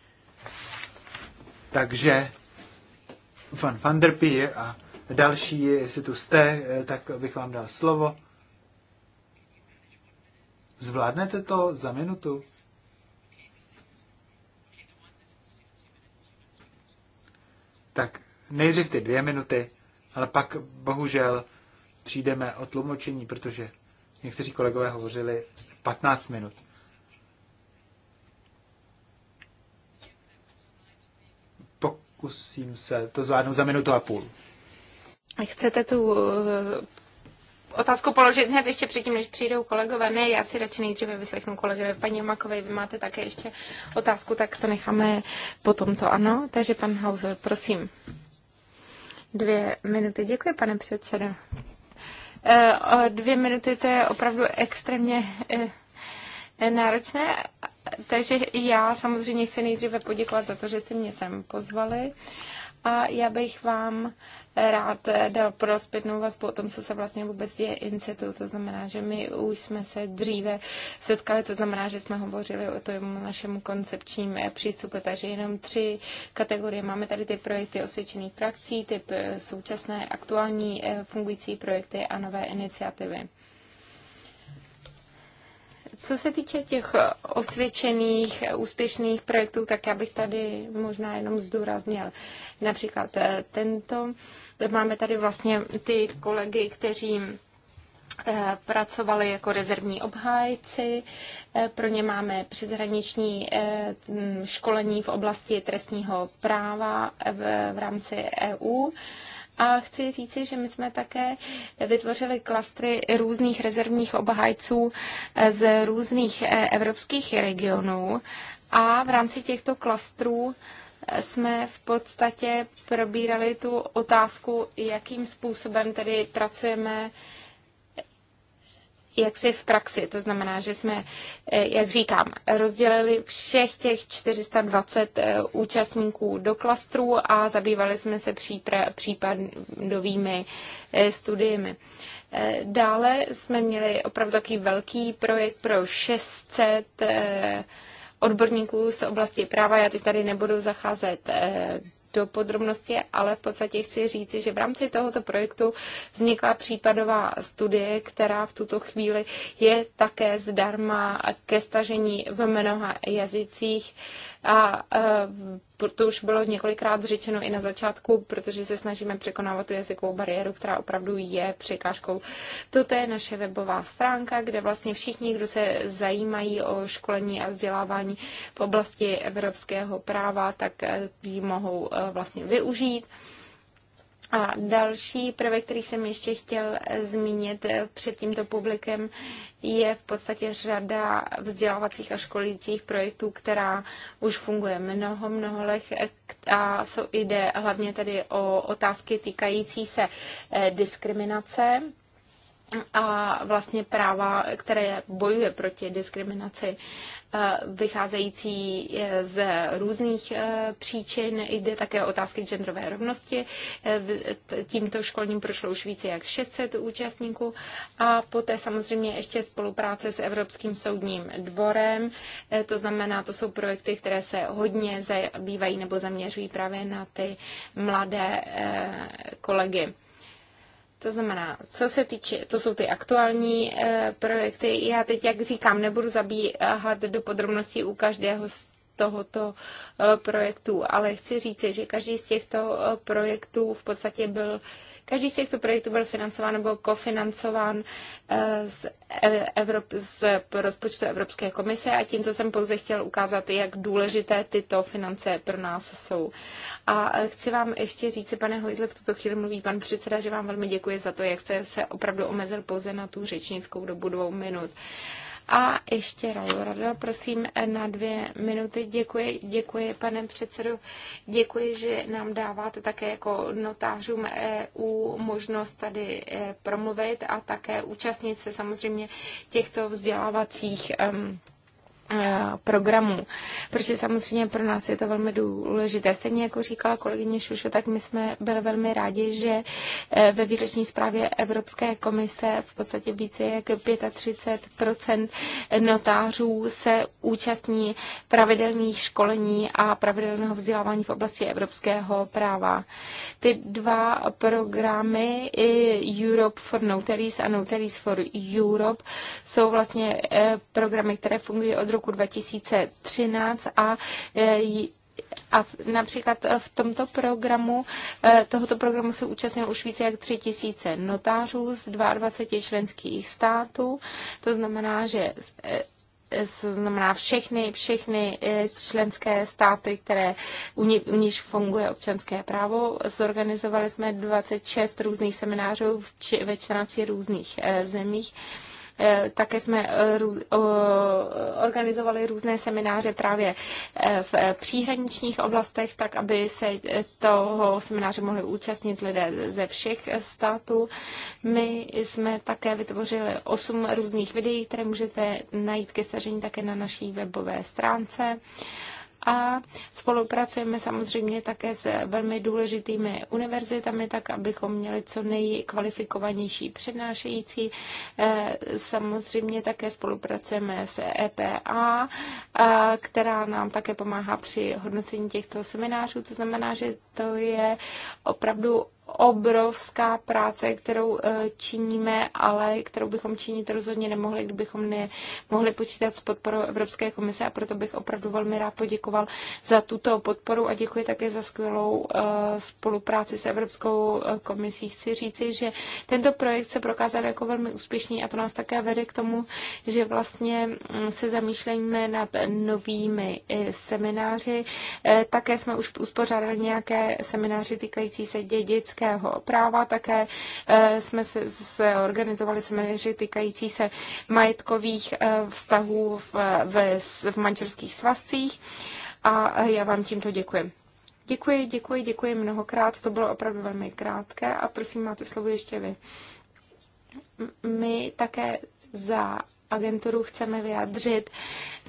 Takže Van Van der Peer a další, jestli tu jste, tak bych vám dal slovo. Zvládnete to za minutu? tak nejdřív ty dvě minuty, ale pak bohužel přijdeme o tlumočení, protože někteří kolegové hovořili 15 minut. Pokusím se to zvládnout za minutu a půl. Chcete tu otázku položit hned ještě předtím, než přijdou kolegové. Ne, já si radši nejdříve vyslechnu kolegové. Paní Makové, vy máte také ještě otázku, tak to necháme potom to ano. Takže pan Hauser, prosím. Dvě minuty. Děkuji, pane předsedo. Eh, dvě minuty, to je opravdu extrémně eh, náročné. Takže já samozřejmě chci nejdříve poděkovat za to, že jste mě sem pozvali a já bych vám rád dal pro zpětnou vazbu o tom, co se vlastně vůbec děje institu. To znamená, že my už jsme se dříve setkali, to znamená, že jsme hovořili o tom našem koncepčním přístupu, takže jenom tři kategorie. Máme tady ty projekty osvědčených frakcí, typ současné aktuální eh, fungující projekty a nové iniciativy. Co se týče těch osvědčených, úspěšných projektů, tak já bych tady možná jenom zdůraznil. Například eh, tento, máme tady vlastně ty kolegy, kteří eh, pracovali jako rezervní obhájci. Eh, pro ně máme přeshraniční školení v oblasti trestního práva v rámci EU. A chci říci, že my jsme také vytvořili klastry různých rezervních obhájců eh, z různých eh, evropských regionů. A v rámci těchto klastrů eh, jsme v podstatě probírali tu otázku, jakým způsobem tedy pracujeme jak si v praxi. To znamená, že jsme, eh, jak říkám, rozdělili všech těch 420 eh, účastníků do klastrů a zabývali jsme se případovými eh, studiemi. Dále jsme měli opravdu takový velký projekt pro 600 odborníků z oblasti práva. Já teď tady nebudu zacházet do podrobnosti, ale v podstatě chci říci, že v rámci tohoto projektu vznikla případová studie, která v tuto chvíli je také zdarma ke stažení v mnoha jazycích a e, to už bylo několikrát řečeno i na začátku, protože se snažíme překonávat tu jazykovou bariéru, která opravdu je překážkou. Toto je naše webová stránka, kde vlastně všichni, kdo se zajímají o školení a vzdělávání v oblasti evropského práva, tak e, ji mohou e, vlastně využít. A další prvek, který jsem ještě chtěl zmínit před tímto publikem, je v podstatě řada vzdělávacích a školících projektů, která už funguje mnoho, mnoho let a jde hlavně tedy o otázky týkající se eh, diskriminace a vlastně práva, které bojuje proti diskriminaci, eh, vycházející eh, z různých eh, příčin. Jde také o otázky genderové rovnosti. Tímto školním prošlo už více jak 600 účastníků a poté samozřejmě ještě spolupráce s Evropským soudním dvorem. To znamená, to jsou projekty, které se hodně zabývají nebo zaměřují právě na ty mladé kolegy. To znamená, co se týče, to jsou ty aktuální e, projekty. Já teď, jak říkám, nebudu zabíhat do podrobností u každého z tohoto eh, projektu, ale chci říci, že každý z těchto eh, projektů v podstatě byl Každý z těchto projektů byl financován nebo kofinancován eh, z, Evrop, z rozpočtu Evropské komise a tímto jsem pouze chtěl ukázat, jak důležité tyto finance pro nás jsou. A chci vám ještě říct, pane Hojzle, v tuto chvíli mluví pan předseda, že vám velmi děkuji za to, jak jste se opravdu omezil pouze na tu řečnickou dobu dvou minut. A ještě Raul Rado, prosím, na dvě minuty. Děkuji, děkuji, pane předsedu. Děkuji, že nám dáváte také jako notářům EU možnost tady eh, promluvit a také účastnit se samozřejmě těchto vzdělávacích um, Eh, programů, protože samozřejmě pro nás je to velmi důležité. Stejně jako říkala kolegyně Šušo, tak my jsme byli velmi rádi, že eh, ve výroční zprávě Evropské komise v podstatě více jak 35 notářů se účastní pravidelných školení a pravidelného vzdělávání v oblasti evropského práva. Ty dva programy Europe for Notaries a Notaries for Europe jsou vlastně eh, programy, které fungují od roku 2013 a e, a například e, v tomto programu, e, tohoto programu se účastnilo už více jak tři tisíce notářů z 22 členských států. To znamená, že to znamená všechny, všechny členské státy, které u, ní, u níž funguje občanské právo. Zorganizovali jsme 26 různých seminářů v, ve 14 různých zemích Eh, také jsme eh, eh, organizovali různé semináře právě v příhraničních oblastech, tak aby se toho semináře mohli účastnit lidé ze všech států. My jsme také vytvořili osm různých videí, které můžete najít ke stažení také na naší webové stránce a spolupracujeme samozřejmě také s velmi důležitými univerzitami, tak abychom měli co nejkvalifikovanější přednášející. E, samozřejmě také spolupracujeme s EPA, e, která nám také pomáhá při hodnocení těchto seminářů. To znamená, že to je opravdu obrovská práce, kterou eh, činíme, ale kterou bychom činit rozhodně nemohli, kdybychom nemohli počítat s podporou Evropské komise a proto bych opravdu velmi rád poděkoval za tuto podporu a děkuji také za skvělou eh, spolupráci s Evropskou eh, komisí. Chci říci, že tento projekt se prokázal jako velmi úspěšný a to nás také vede k tomu, že vlastně mm, se zamýšlejíme nad novými semináři. Také jsme už uspořádali nějaké semináři týkající se dědic lidského práva. Také eh, jsme se, se organizovali semináři týkající se majetkových eh, vztahů v, v, v manželských svazcích a eh, já vám tímto děkuji. Děkuji, děkuji, děkuji mnohokrát. To bylo opravdu velmi krátké a prosím, máte slovo ještě vy. My také za agenturu chceme vyjádřit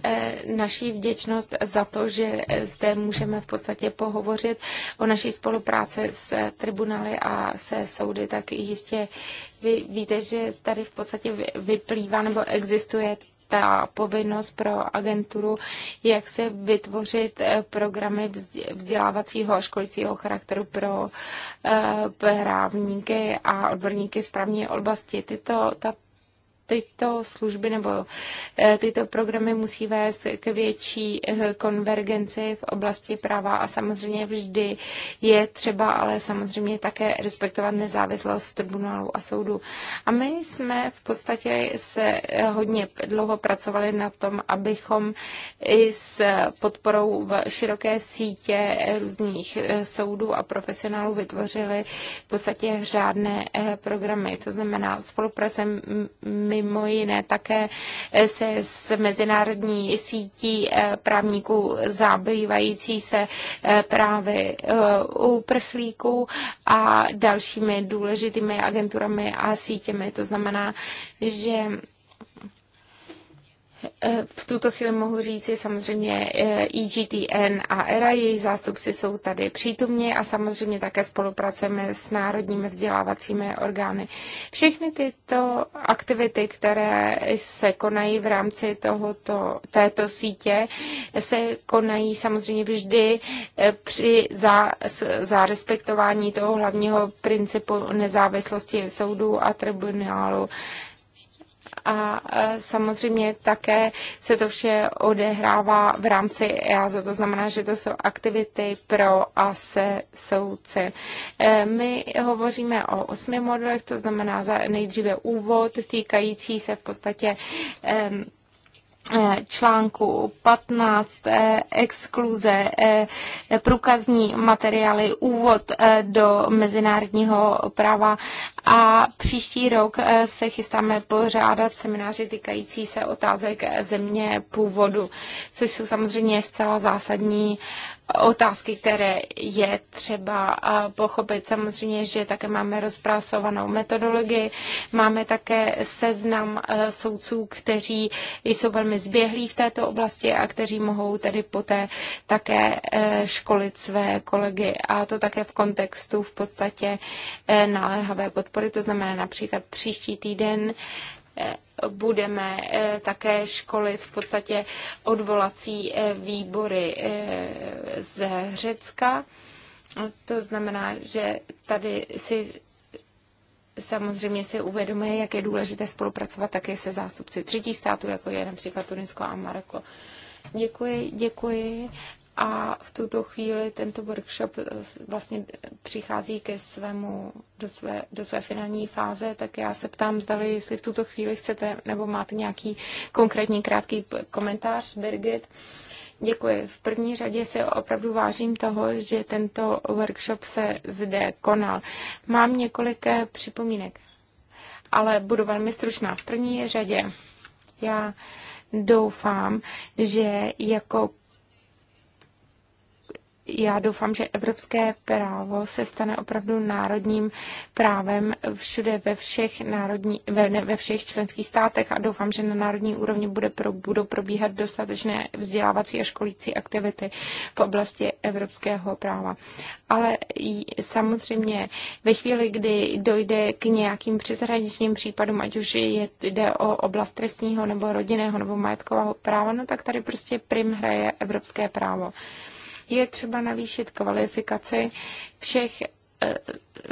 eh, naší vděčnost za to, že zde můžeme v podstatě pohovořit o naší spolupráci s tribunály a se soudy, tak jistě vy víte, že tady v podstatě vyplývá nebo existuje ta povinnost pro agenturu, jak se vytvořit eh, programy vzdělávacího a školícího charakteru pro eh, právníky a odborníky z právní oblasti. Tyto, ta, tyto služby nebo eh, tyto programy musí vést k větší eh, konvergenci v oblasti práva a samozřejmě vždy je třeba ale samozřejmě také respektovat nezávislost tribunálu a soudu. A my jsme v podstatě se eh, hodně dlouho pracovali na tom, abychom i s podporou v široké sítě různých soudů a profesionálů vytvořili v podstatě řádné programy. To znamená, spolupracujeme mimo jiné také se s mezinárodní sítí eh, právníků zabývající se eh, právě eh, uprchlíků a dalšími důležitými agenturami a sítěmi. To znamená, že Eh, v tuto chvíli mohu říct, že samozřejmě EGTN eh, e a ERA, jejich zástupci jsou tady přítomně a samozřejmě také spolupracujeme s národními vzdělávacími orgány. Všechny tyto aktivity, které se konají v rámci tohoto, této sítě, se konají samozřejmě vždy eh, při za, za respektování toho hlavního principu nezávislosti soudů a tribunálu a samozřejmě také se to vše odehrává v rámci EASO, to znamená, že to jsou aktivity pro a se soudci. E, my hovoříme o osmi modulech, to znamená nejdříve úvod týkající se v podstatě Eh, článku 15 eh, exkluze, eh, průkazní materiály, úvod do mezinárodního práva a příští rok se chystáme pořádat semináři týkající se otázek země původu, což jsou samozřejmě zcela zásadní otázky, které je třeba pochopit. Samozřejmě, že také máme rozpracovanou metodologii, máme také seznam soudců, kteří jsou velmi zběhlí v této oblasti a kteří mohou tedy poté také e, školit své kolegy a to také v kontextu v podstatě e, naléhavé podpory, to znamená například příští týden e, budeme také školit v podstatě odvolací výbory z Řecka. To znamená, že tady si samozřejmě si uvědomuje, jak je důležité spolupracovat také se zástupci třetích států, jako je například Tunisko a Maroko. Děkuji, děkuji. A v tuto chvíli tento workshop eh, vlastně přichází ke svému, do své, do své finální fáze, tak já se ptám, zdali, jestli v tuto chvíli chcete, nebo máte nějaký konkrétní krátký komentář, Birgit. Uh, Děkuji. V první řadě si opravdu vážím toho, že tento workshop se zde konal. Mám několik eh, připomínek, ale budu velmi stručná. V první řadě já doufám, že jako já doufám, že evropské právo se stane opravdu národním právem všude ve všech, národní, ve, ne, ve všech členských státech a doufám, že na národní úrovni bude pro, budou probíhat dostatečné vzdělávací a školící aktivity v oblasti evropského práva. Ale samozřejmě ve chvíli, kdy dojde k nějakým přeshraničním případům, ať už je, jde o oblast trestního nebo rodinného nebo majetkového práva, no tak tady prostě prim hraje evropské právo. Je třeba navýšit kvalifikaci všech eh,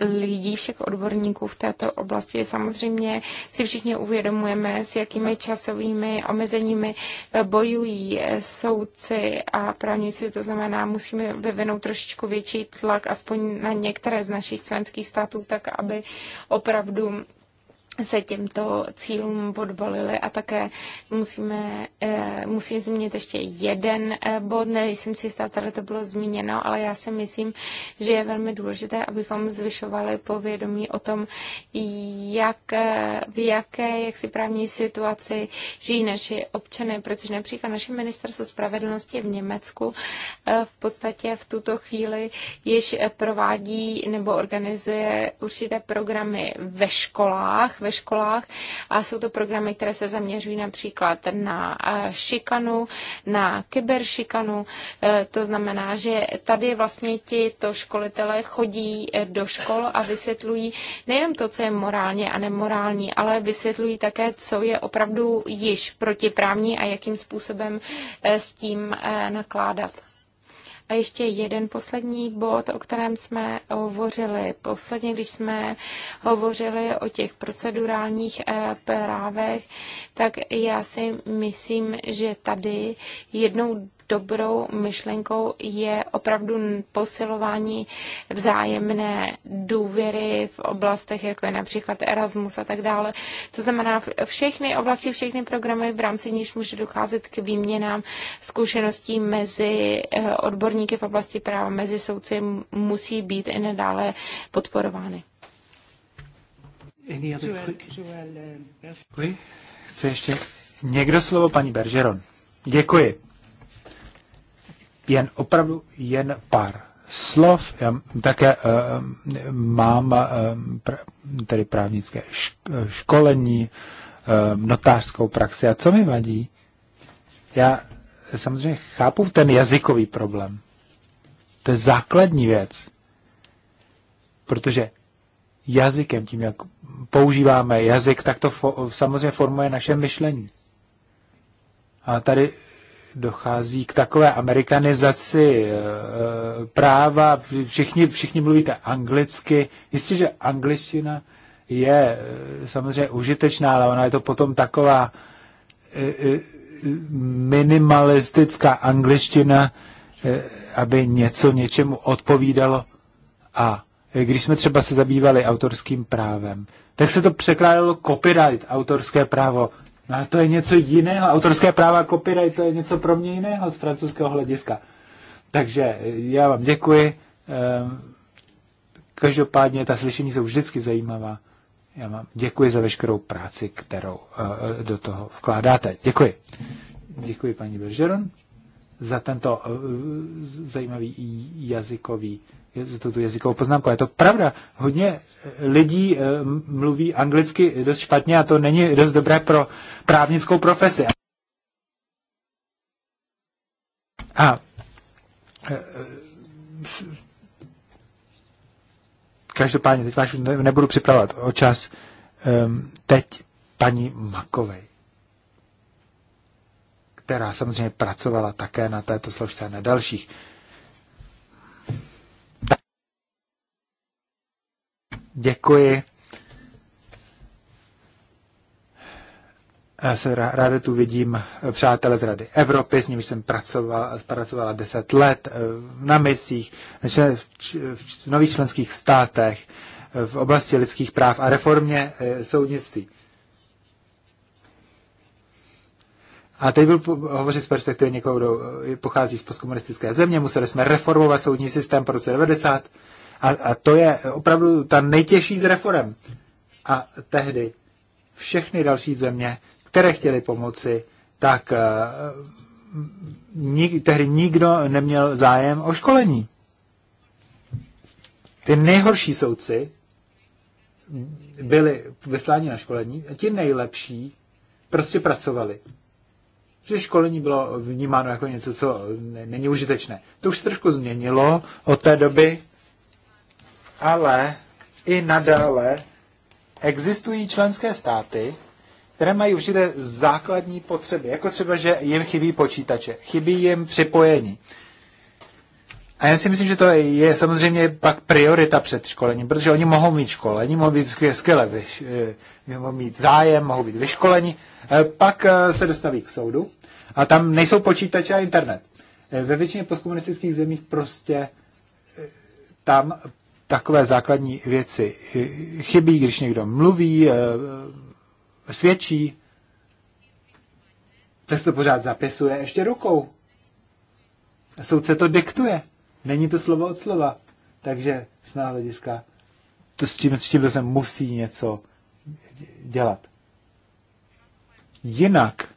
lidí, všech odborníků v této oblasti. Samozřejmě si všichni uvědomujeme, s jakými časovými omezeními eh, bojují eh, soudci a právníci. To znamená, musíme vyvinout trošičku větší tlak aspoň na některé z našich členských států, tak aby opravdu se těmto cílům podbalili a také musíme, eh, musím zmínit ještě jeden eh, bod, nejsem si jistá, tady to bylo zmíněno, ale já si myslím, že je velmi důležité, abychom zvyšovali povědomí o tom, jak, eh, v jaké jak si právní situaci žijí naši občany, protože například naše ministerstvo spravedlnosti v Německu v podstatě v tuto chvíli již provádí nebo organizuje určité programy ve školách, ve školách a jsou to programy, které se zaměřují například na eh, šikanu, na kyberšikanu. Eh, to znamená, že tady vlastně ti to školitelé chodí eh, do škol a vysvětlují nejen to, co je morálně a nemorální, ale vysvětlují také, co je opravdu již protiprávní a jakým způsobem s tím nakládat. A ještě jeden poslední bod, o kterém jsme hovořili posledně, když jsme hovořili o těch procedurálních eh, právech, tak já si myslím, že tady jednou dobrou myšlenkou je opravdu posilování vzájemné důvěry v oblastech, jako je například Erasmus a tak dále. To znamená všechny oblasti, všechny programy, v rámci níž může docházet k výměnám zkušeností mezi eh, odborníky v oblasti práva, mezi soudci, musí být i nadále podporovány. Eh, Chce ještě někdo slovo paní Bergeron? Děkuji jen opravdu jen pár slov. Já také uh, mám uh, pr- tedy právnické školení, uh, notářskou praxi. A co mi vadí? Já samozřejmě chápu ten jazykový problém. To je základní věc. Protože jazykem, tím, jak používáme jazyk, tak to fo- samozřejmě formuje naše myšlení. A tady dochází k takové amerikanizaci eh, práva, všichni, všichni mluvíte anglicky, jistě, že angličtina je eh, samozřejmě užitečná, ale ona je to potom taková eh, minimalistická angličtina, aby něco něčemu odpovídalo. A když jsme třeba se zabývali autorským právem, tak se to překládalo copyright, autorské právo. No a to je něco jiného. Autorské práva copyright, to je něco pro mě jiného z francouzského hlediska. Takže eh, já vám děkuji. Ehm, každopádně ta slyšení jsou vždycky zajímavá. Já vám děkuji za veškerou práci, kterou eh, eh, do toho vkládáte. Děkuji. Děkuji paní Bergeron za tento zajímavý jazykový tu jazykovou poznámku. Je to pravda. Hodně eh, lidí eh, mluví anglicky dost špatně a to není dost dobré pro právnickou profesi. A eh, každopádně, teď vás nebudu připravovat o čas. Ehm, teď paní Makovej která samozřejmě pracovala také na této složce a na dalších. Děkuji. Já se ráda tu vidím eh, přátelé z Rady Evropy, s nimi jsem pracoval, pracovala deset let eh, na misích, v nových členských státech, eh, v oblasti lidských práv a reformě soudnictví. A teď byl hovořit z perspektivy někoho, kdo pochází z postkomunistické země. Museli jsme reformovat soudní systém po roce 90 a, a to je opravdu ta nejtěžší z reform. A tehdy všechny další země, které chtěly pomoci, tak eh, nik, tehdy nikdo neměl zájem o školení. Ty nejhorší soudci byli vysláni na školení a ti nejlepší prostě pracovali. Že školení bylo vnímáno jako něco, co není užitečné. To už se trošku změnilo od té doby, ale i nadále existují členské státy, které mají určité základní potřeby, jako třeba, že jim chybí počítače, chybí jim připojení. A já si myslím, že to je samozřejmě pak priorita před školením, protože oni mohou mít školení, mohou být skvěle, eh, mohou mít zájem, mohou být vyškolení, eh, pak eh, se dostaví k soudu a tam nejsou počítače a internet. Ve většině postkomunistických zemích prostě tam takové základní věci eh, chybí, když někdo mluví, eh, svědčí, přesto pořád zapisuje ještě rukou. Soudce to diktuje. Není to slovo od slova. Takže z mého hlediska to s tím, s tím se musí něco dělat. Jinak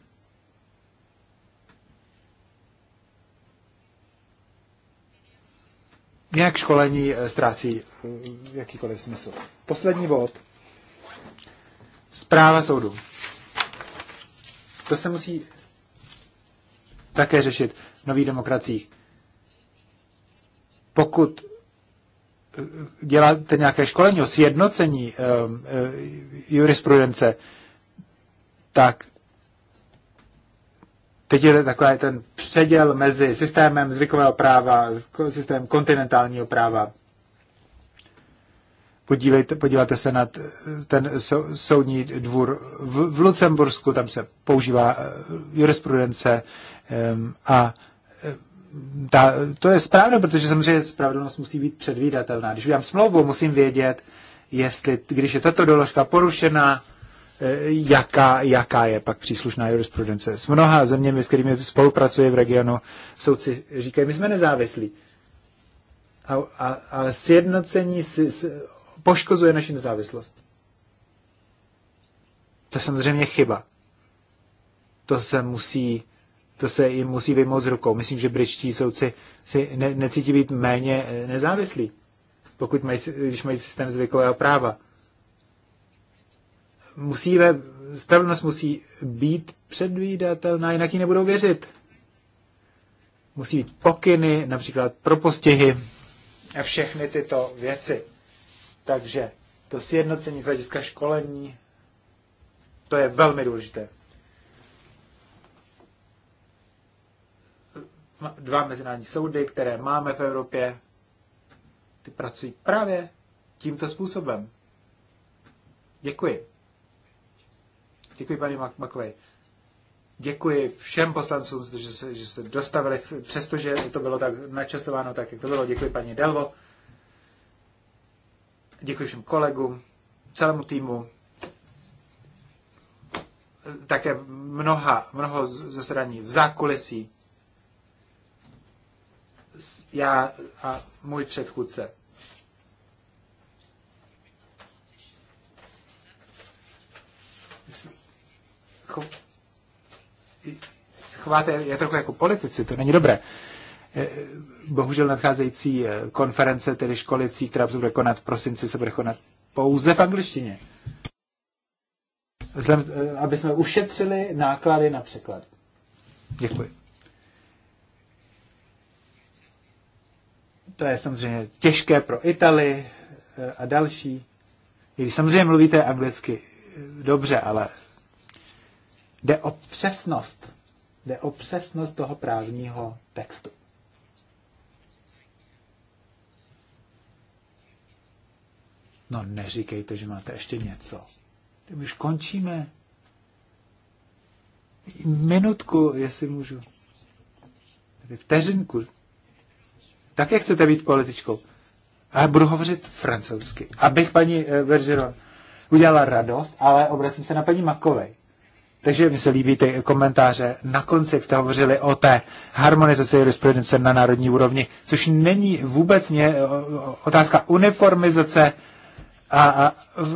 nějak školení eh, ztrácí eh, jakýkoliv smysl. Poslední bod. Zpráva soudu. To se musí také řešit v nových demokracích. Pokud eh, děláte nějaké školení o sjednocení um, jurisprudence, tak Teď je takový ten předěl mezi systémem zvykového práva, systémem kontinentálního práva. Podívejte, podívejte se na ten soudní dvůr v, Lucembursku, tam se používá eh, jurisprudence a eh, ta, to je správné, protože samozřejmě spravedlnost musí být předvídatelná. Když udělám smlouvu, musím vědět, jestli, když je tato doložka porušena, Eh, jaká, jaká je pak příslušná jurisprudence. S mnoha zeměmi, s kterými spolupracuje v regionu, soudci říkají, my jsme nezávislí. A, a, ale sjednocení si, si, poškozuje naši nezávislost. To je samozřejmě chyba. To se musí to se jim musí vyjmout z rukou. Myslím, že britští soudci si ne, necítí být méně eh, nezávislí, pokud mají, když mají systém zvykového práva musíme, spravedlnost musí být předvídatelná, jinak ji nebudou věřit. Musí být pokyny, například pro postihy a všechny tyto věci. Takže to sjednocení z hlediska školení, to je velmi důležité. Dva mezinárodní soudy, které máme v Evropě, ty pracují právě tímto způsobem. Děkuji. Děkuji paní Makové. Makovej. Děkuji všem poslancům, že se, že se dostavili, přestože to bylo tak načasováno, tak jak to bylo. Děkuji paní Delvo. Děkuji všem kolegům, celému týmu. Také mnoha, mnoho zasedání v zákulisí. Já a můj předchůdce jako se chováte je trochu jako politici, to není dobré. Eh, bohužel nadcházející eh, konference, tedy školicí, která se bude konat v prosinci, se bude konat pouze v angličtině. Zlem, eh, aby jsme ušetřili náklady na překlad. Děkuji. To je samozřejmě těžké pro Italy a další. když samozřejmě mluvíte anglicky dobře, ale Jde o přesnost. Jde o přesnost toho právního textu. No neříkejte, že máte ještě něco. Teď už končíme. Minutku, jestli můžu. Tedy vteřinku. Také chcete být političkou. A budu hovořit francouzsky. Abych paní eh, Bergeron udělala radost, ale obracím se na paní Makovej. Takže mi se líbí ty komentáře na konci, které hovořili o té harmonizaci jurisprudence na národní úrovni, což není vůbec ně, otázka uniformizace a, a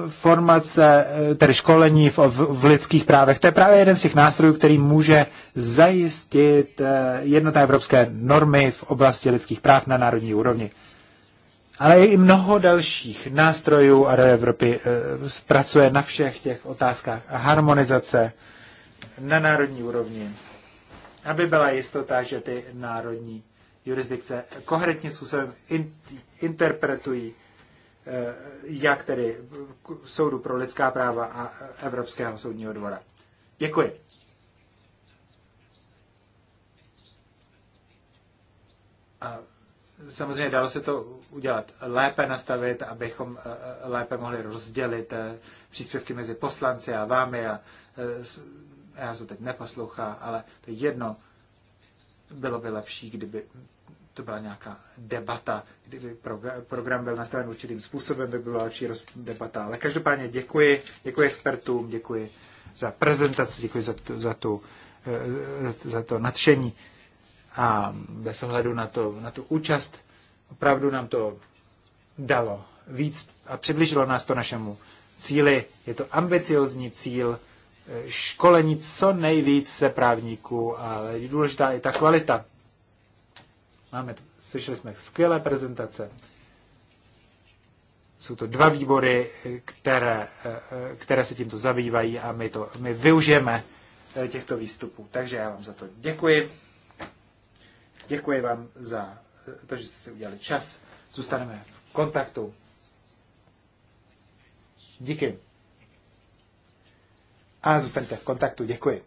formace, e, tedy školení v, v, v lidských právech. To je právě jeden z těch nástrojů, který může zajistit e, jednotné evropské normy v oblasti lidských práv na národní úrovni. Ale je i mnoho dalších nástrojů a do Evropy e, zpracuje na všech těch otázkách harmonizace, na národní úrovni, aby byla jistota, že ty národní jurisdikce koherentním způsobem in, interpretují eh, jak tedy soudu pro lidská práva a Evropského soudního dvora. Děkuji. A samozřejmě dalo se to udělat lépe nastavit, abychom eh, eh, lépe mohli rozdělit příspěvky mezi poslanci a vámi a EASO teď neposlouchá, ale to jedno, bylo by lepší, kdyby to byla nějaká debata, kdyby program byl nastaven určitým způsobem, tak by byla lepší debata. Ale každopádně děkuji, děkuji expertům, děkuji za prezentaci, děkuji za, tu, za, tu, eh, za to nadšení a bez ohledu na, to, na tu účast, opravdu nám to dalo víc a přiblížilo nás to našemu cíli. Je to ambiciozní cíl, školení co nejvíce právníků a je důležitá i ta kvalita. Máme tu, slyšeli jsme skvělé prezentace. Jsou to dva výbory, které, které se tímto zabývají a my, to, my využijeme eh, těchto výstupů. Takže já vám za to děkuji. Děkuji vám za eh, to, že jste si udělali čas. Zůstaneme v kontaktu. Díky a zůstaňte v kontaktu. Děkuji.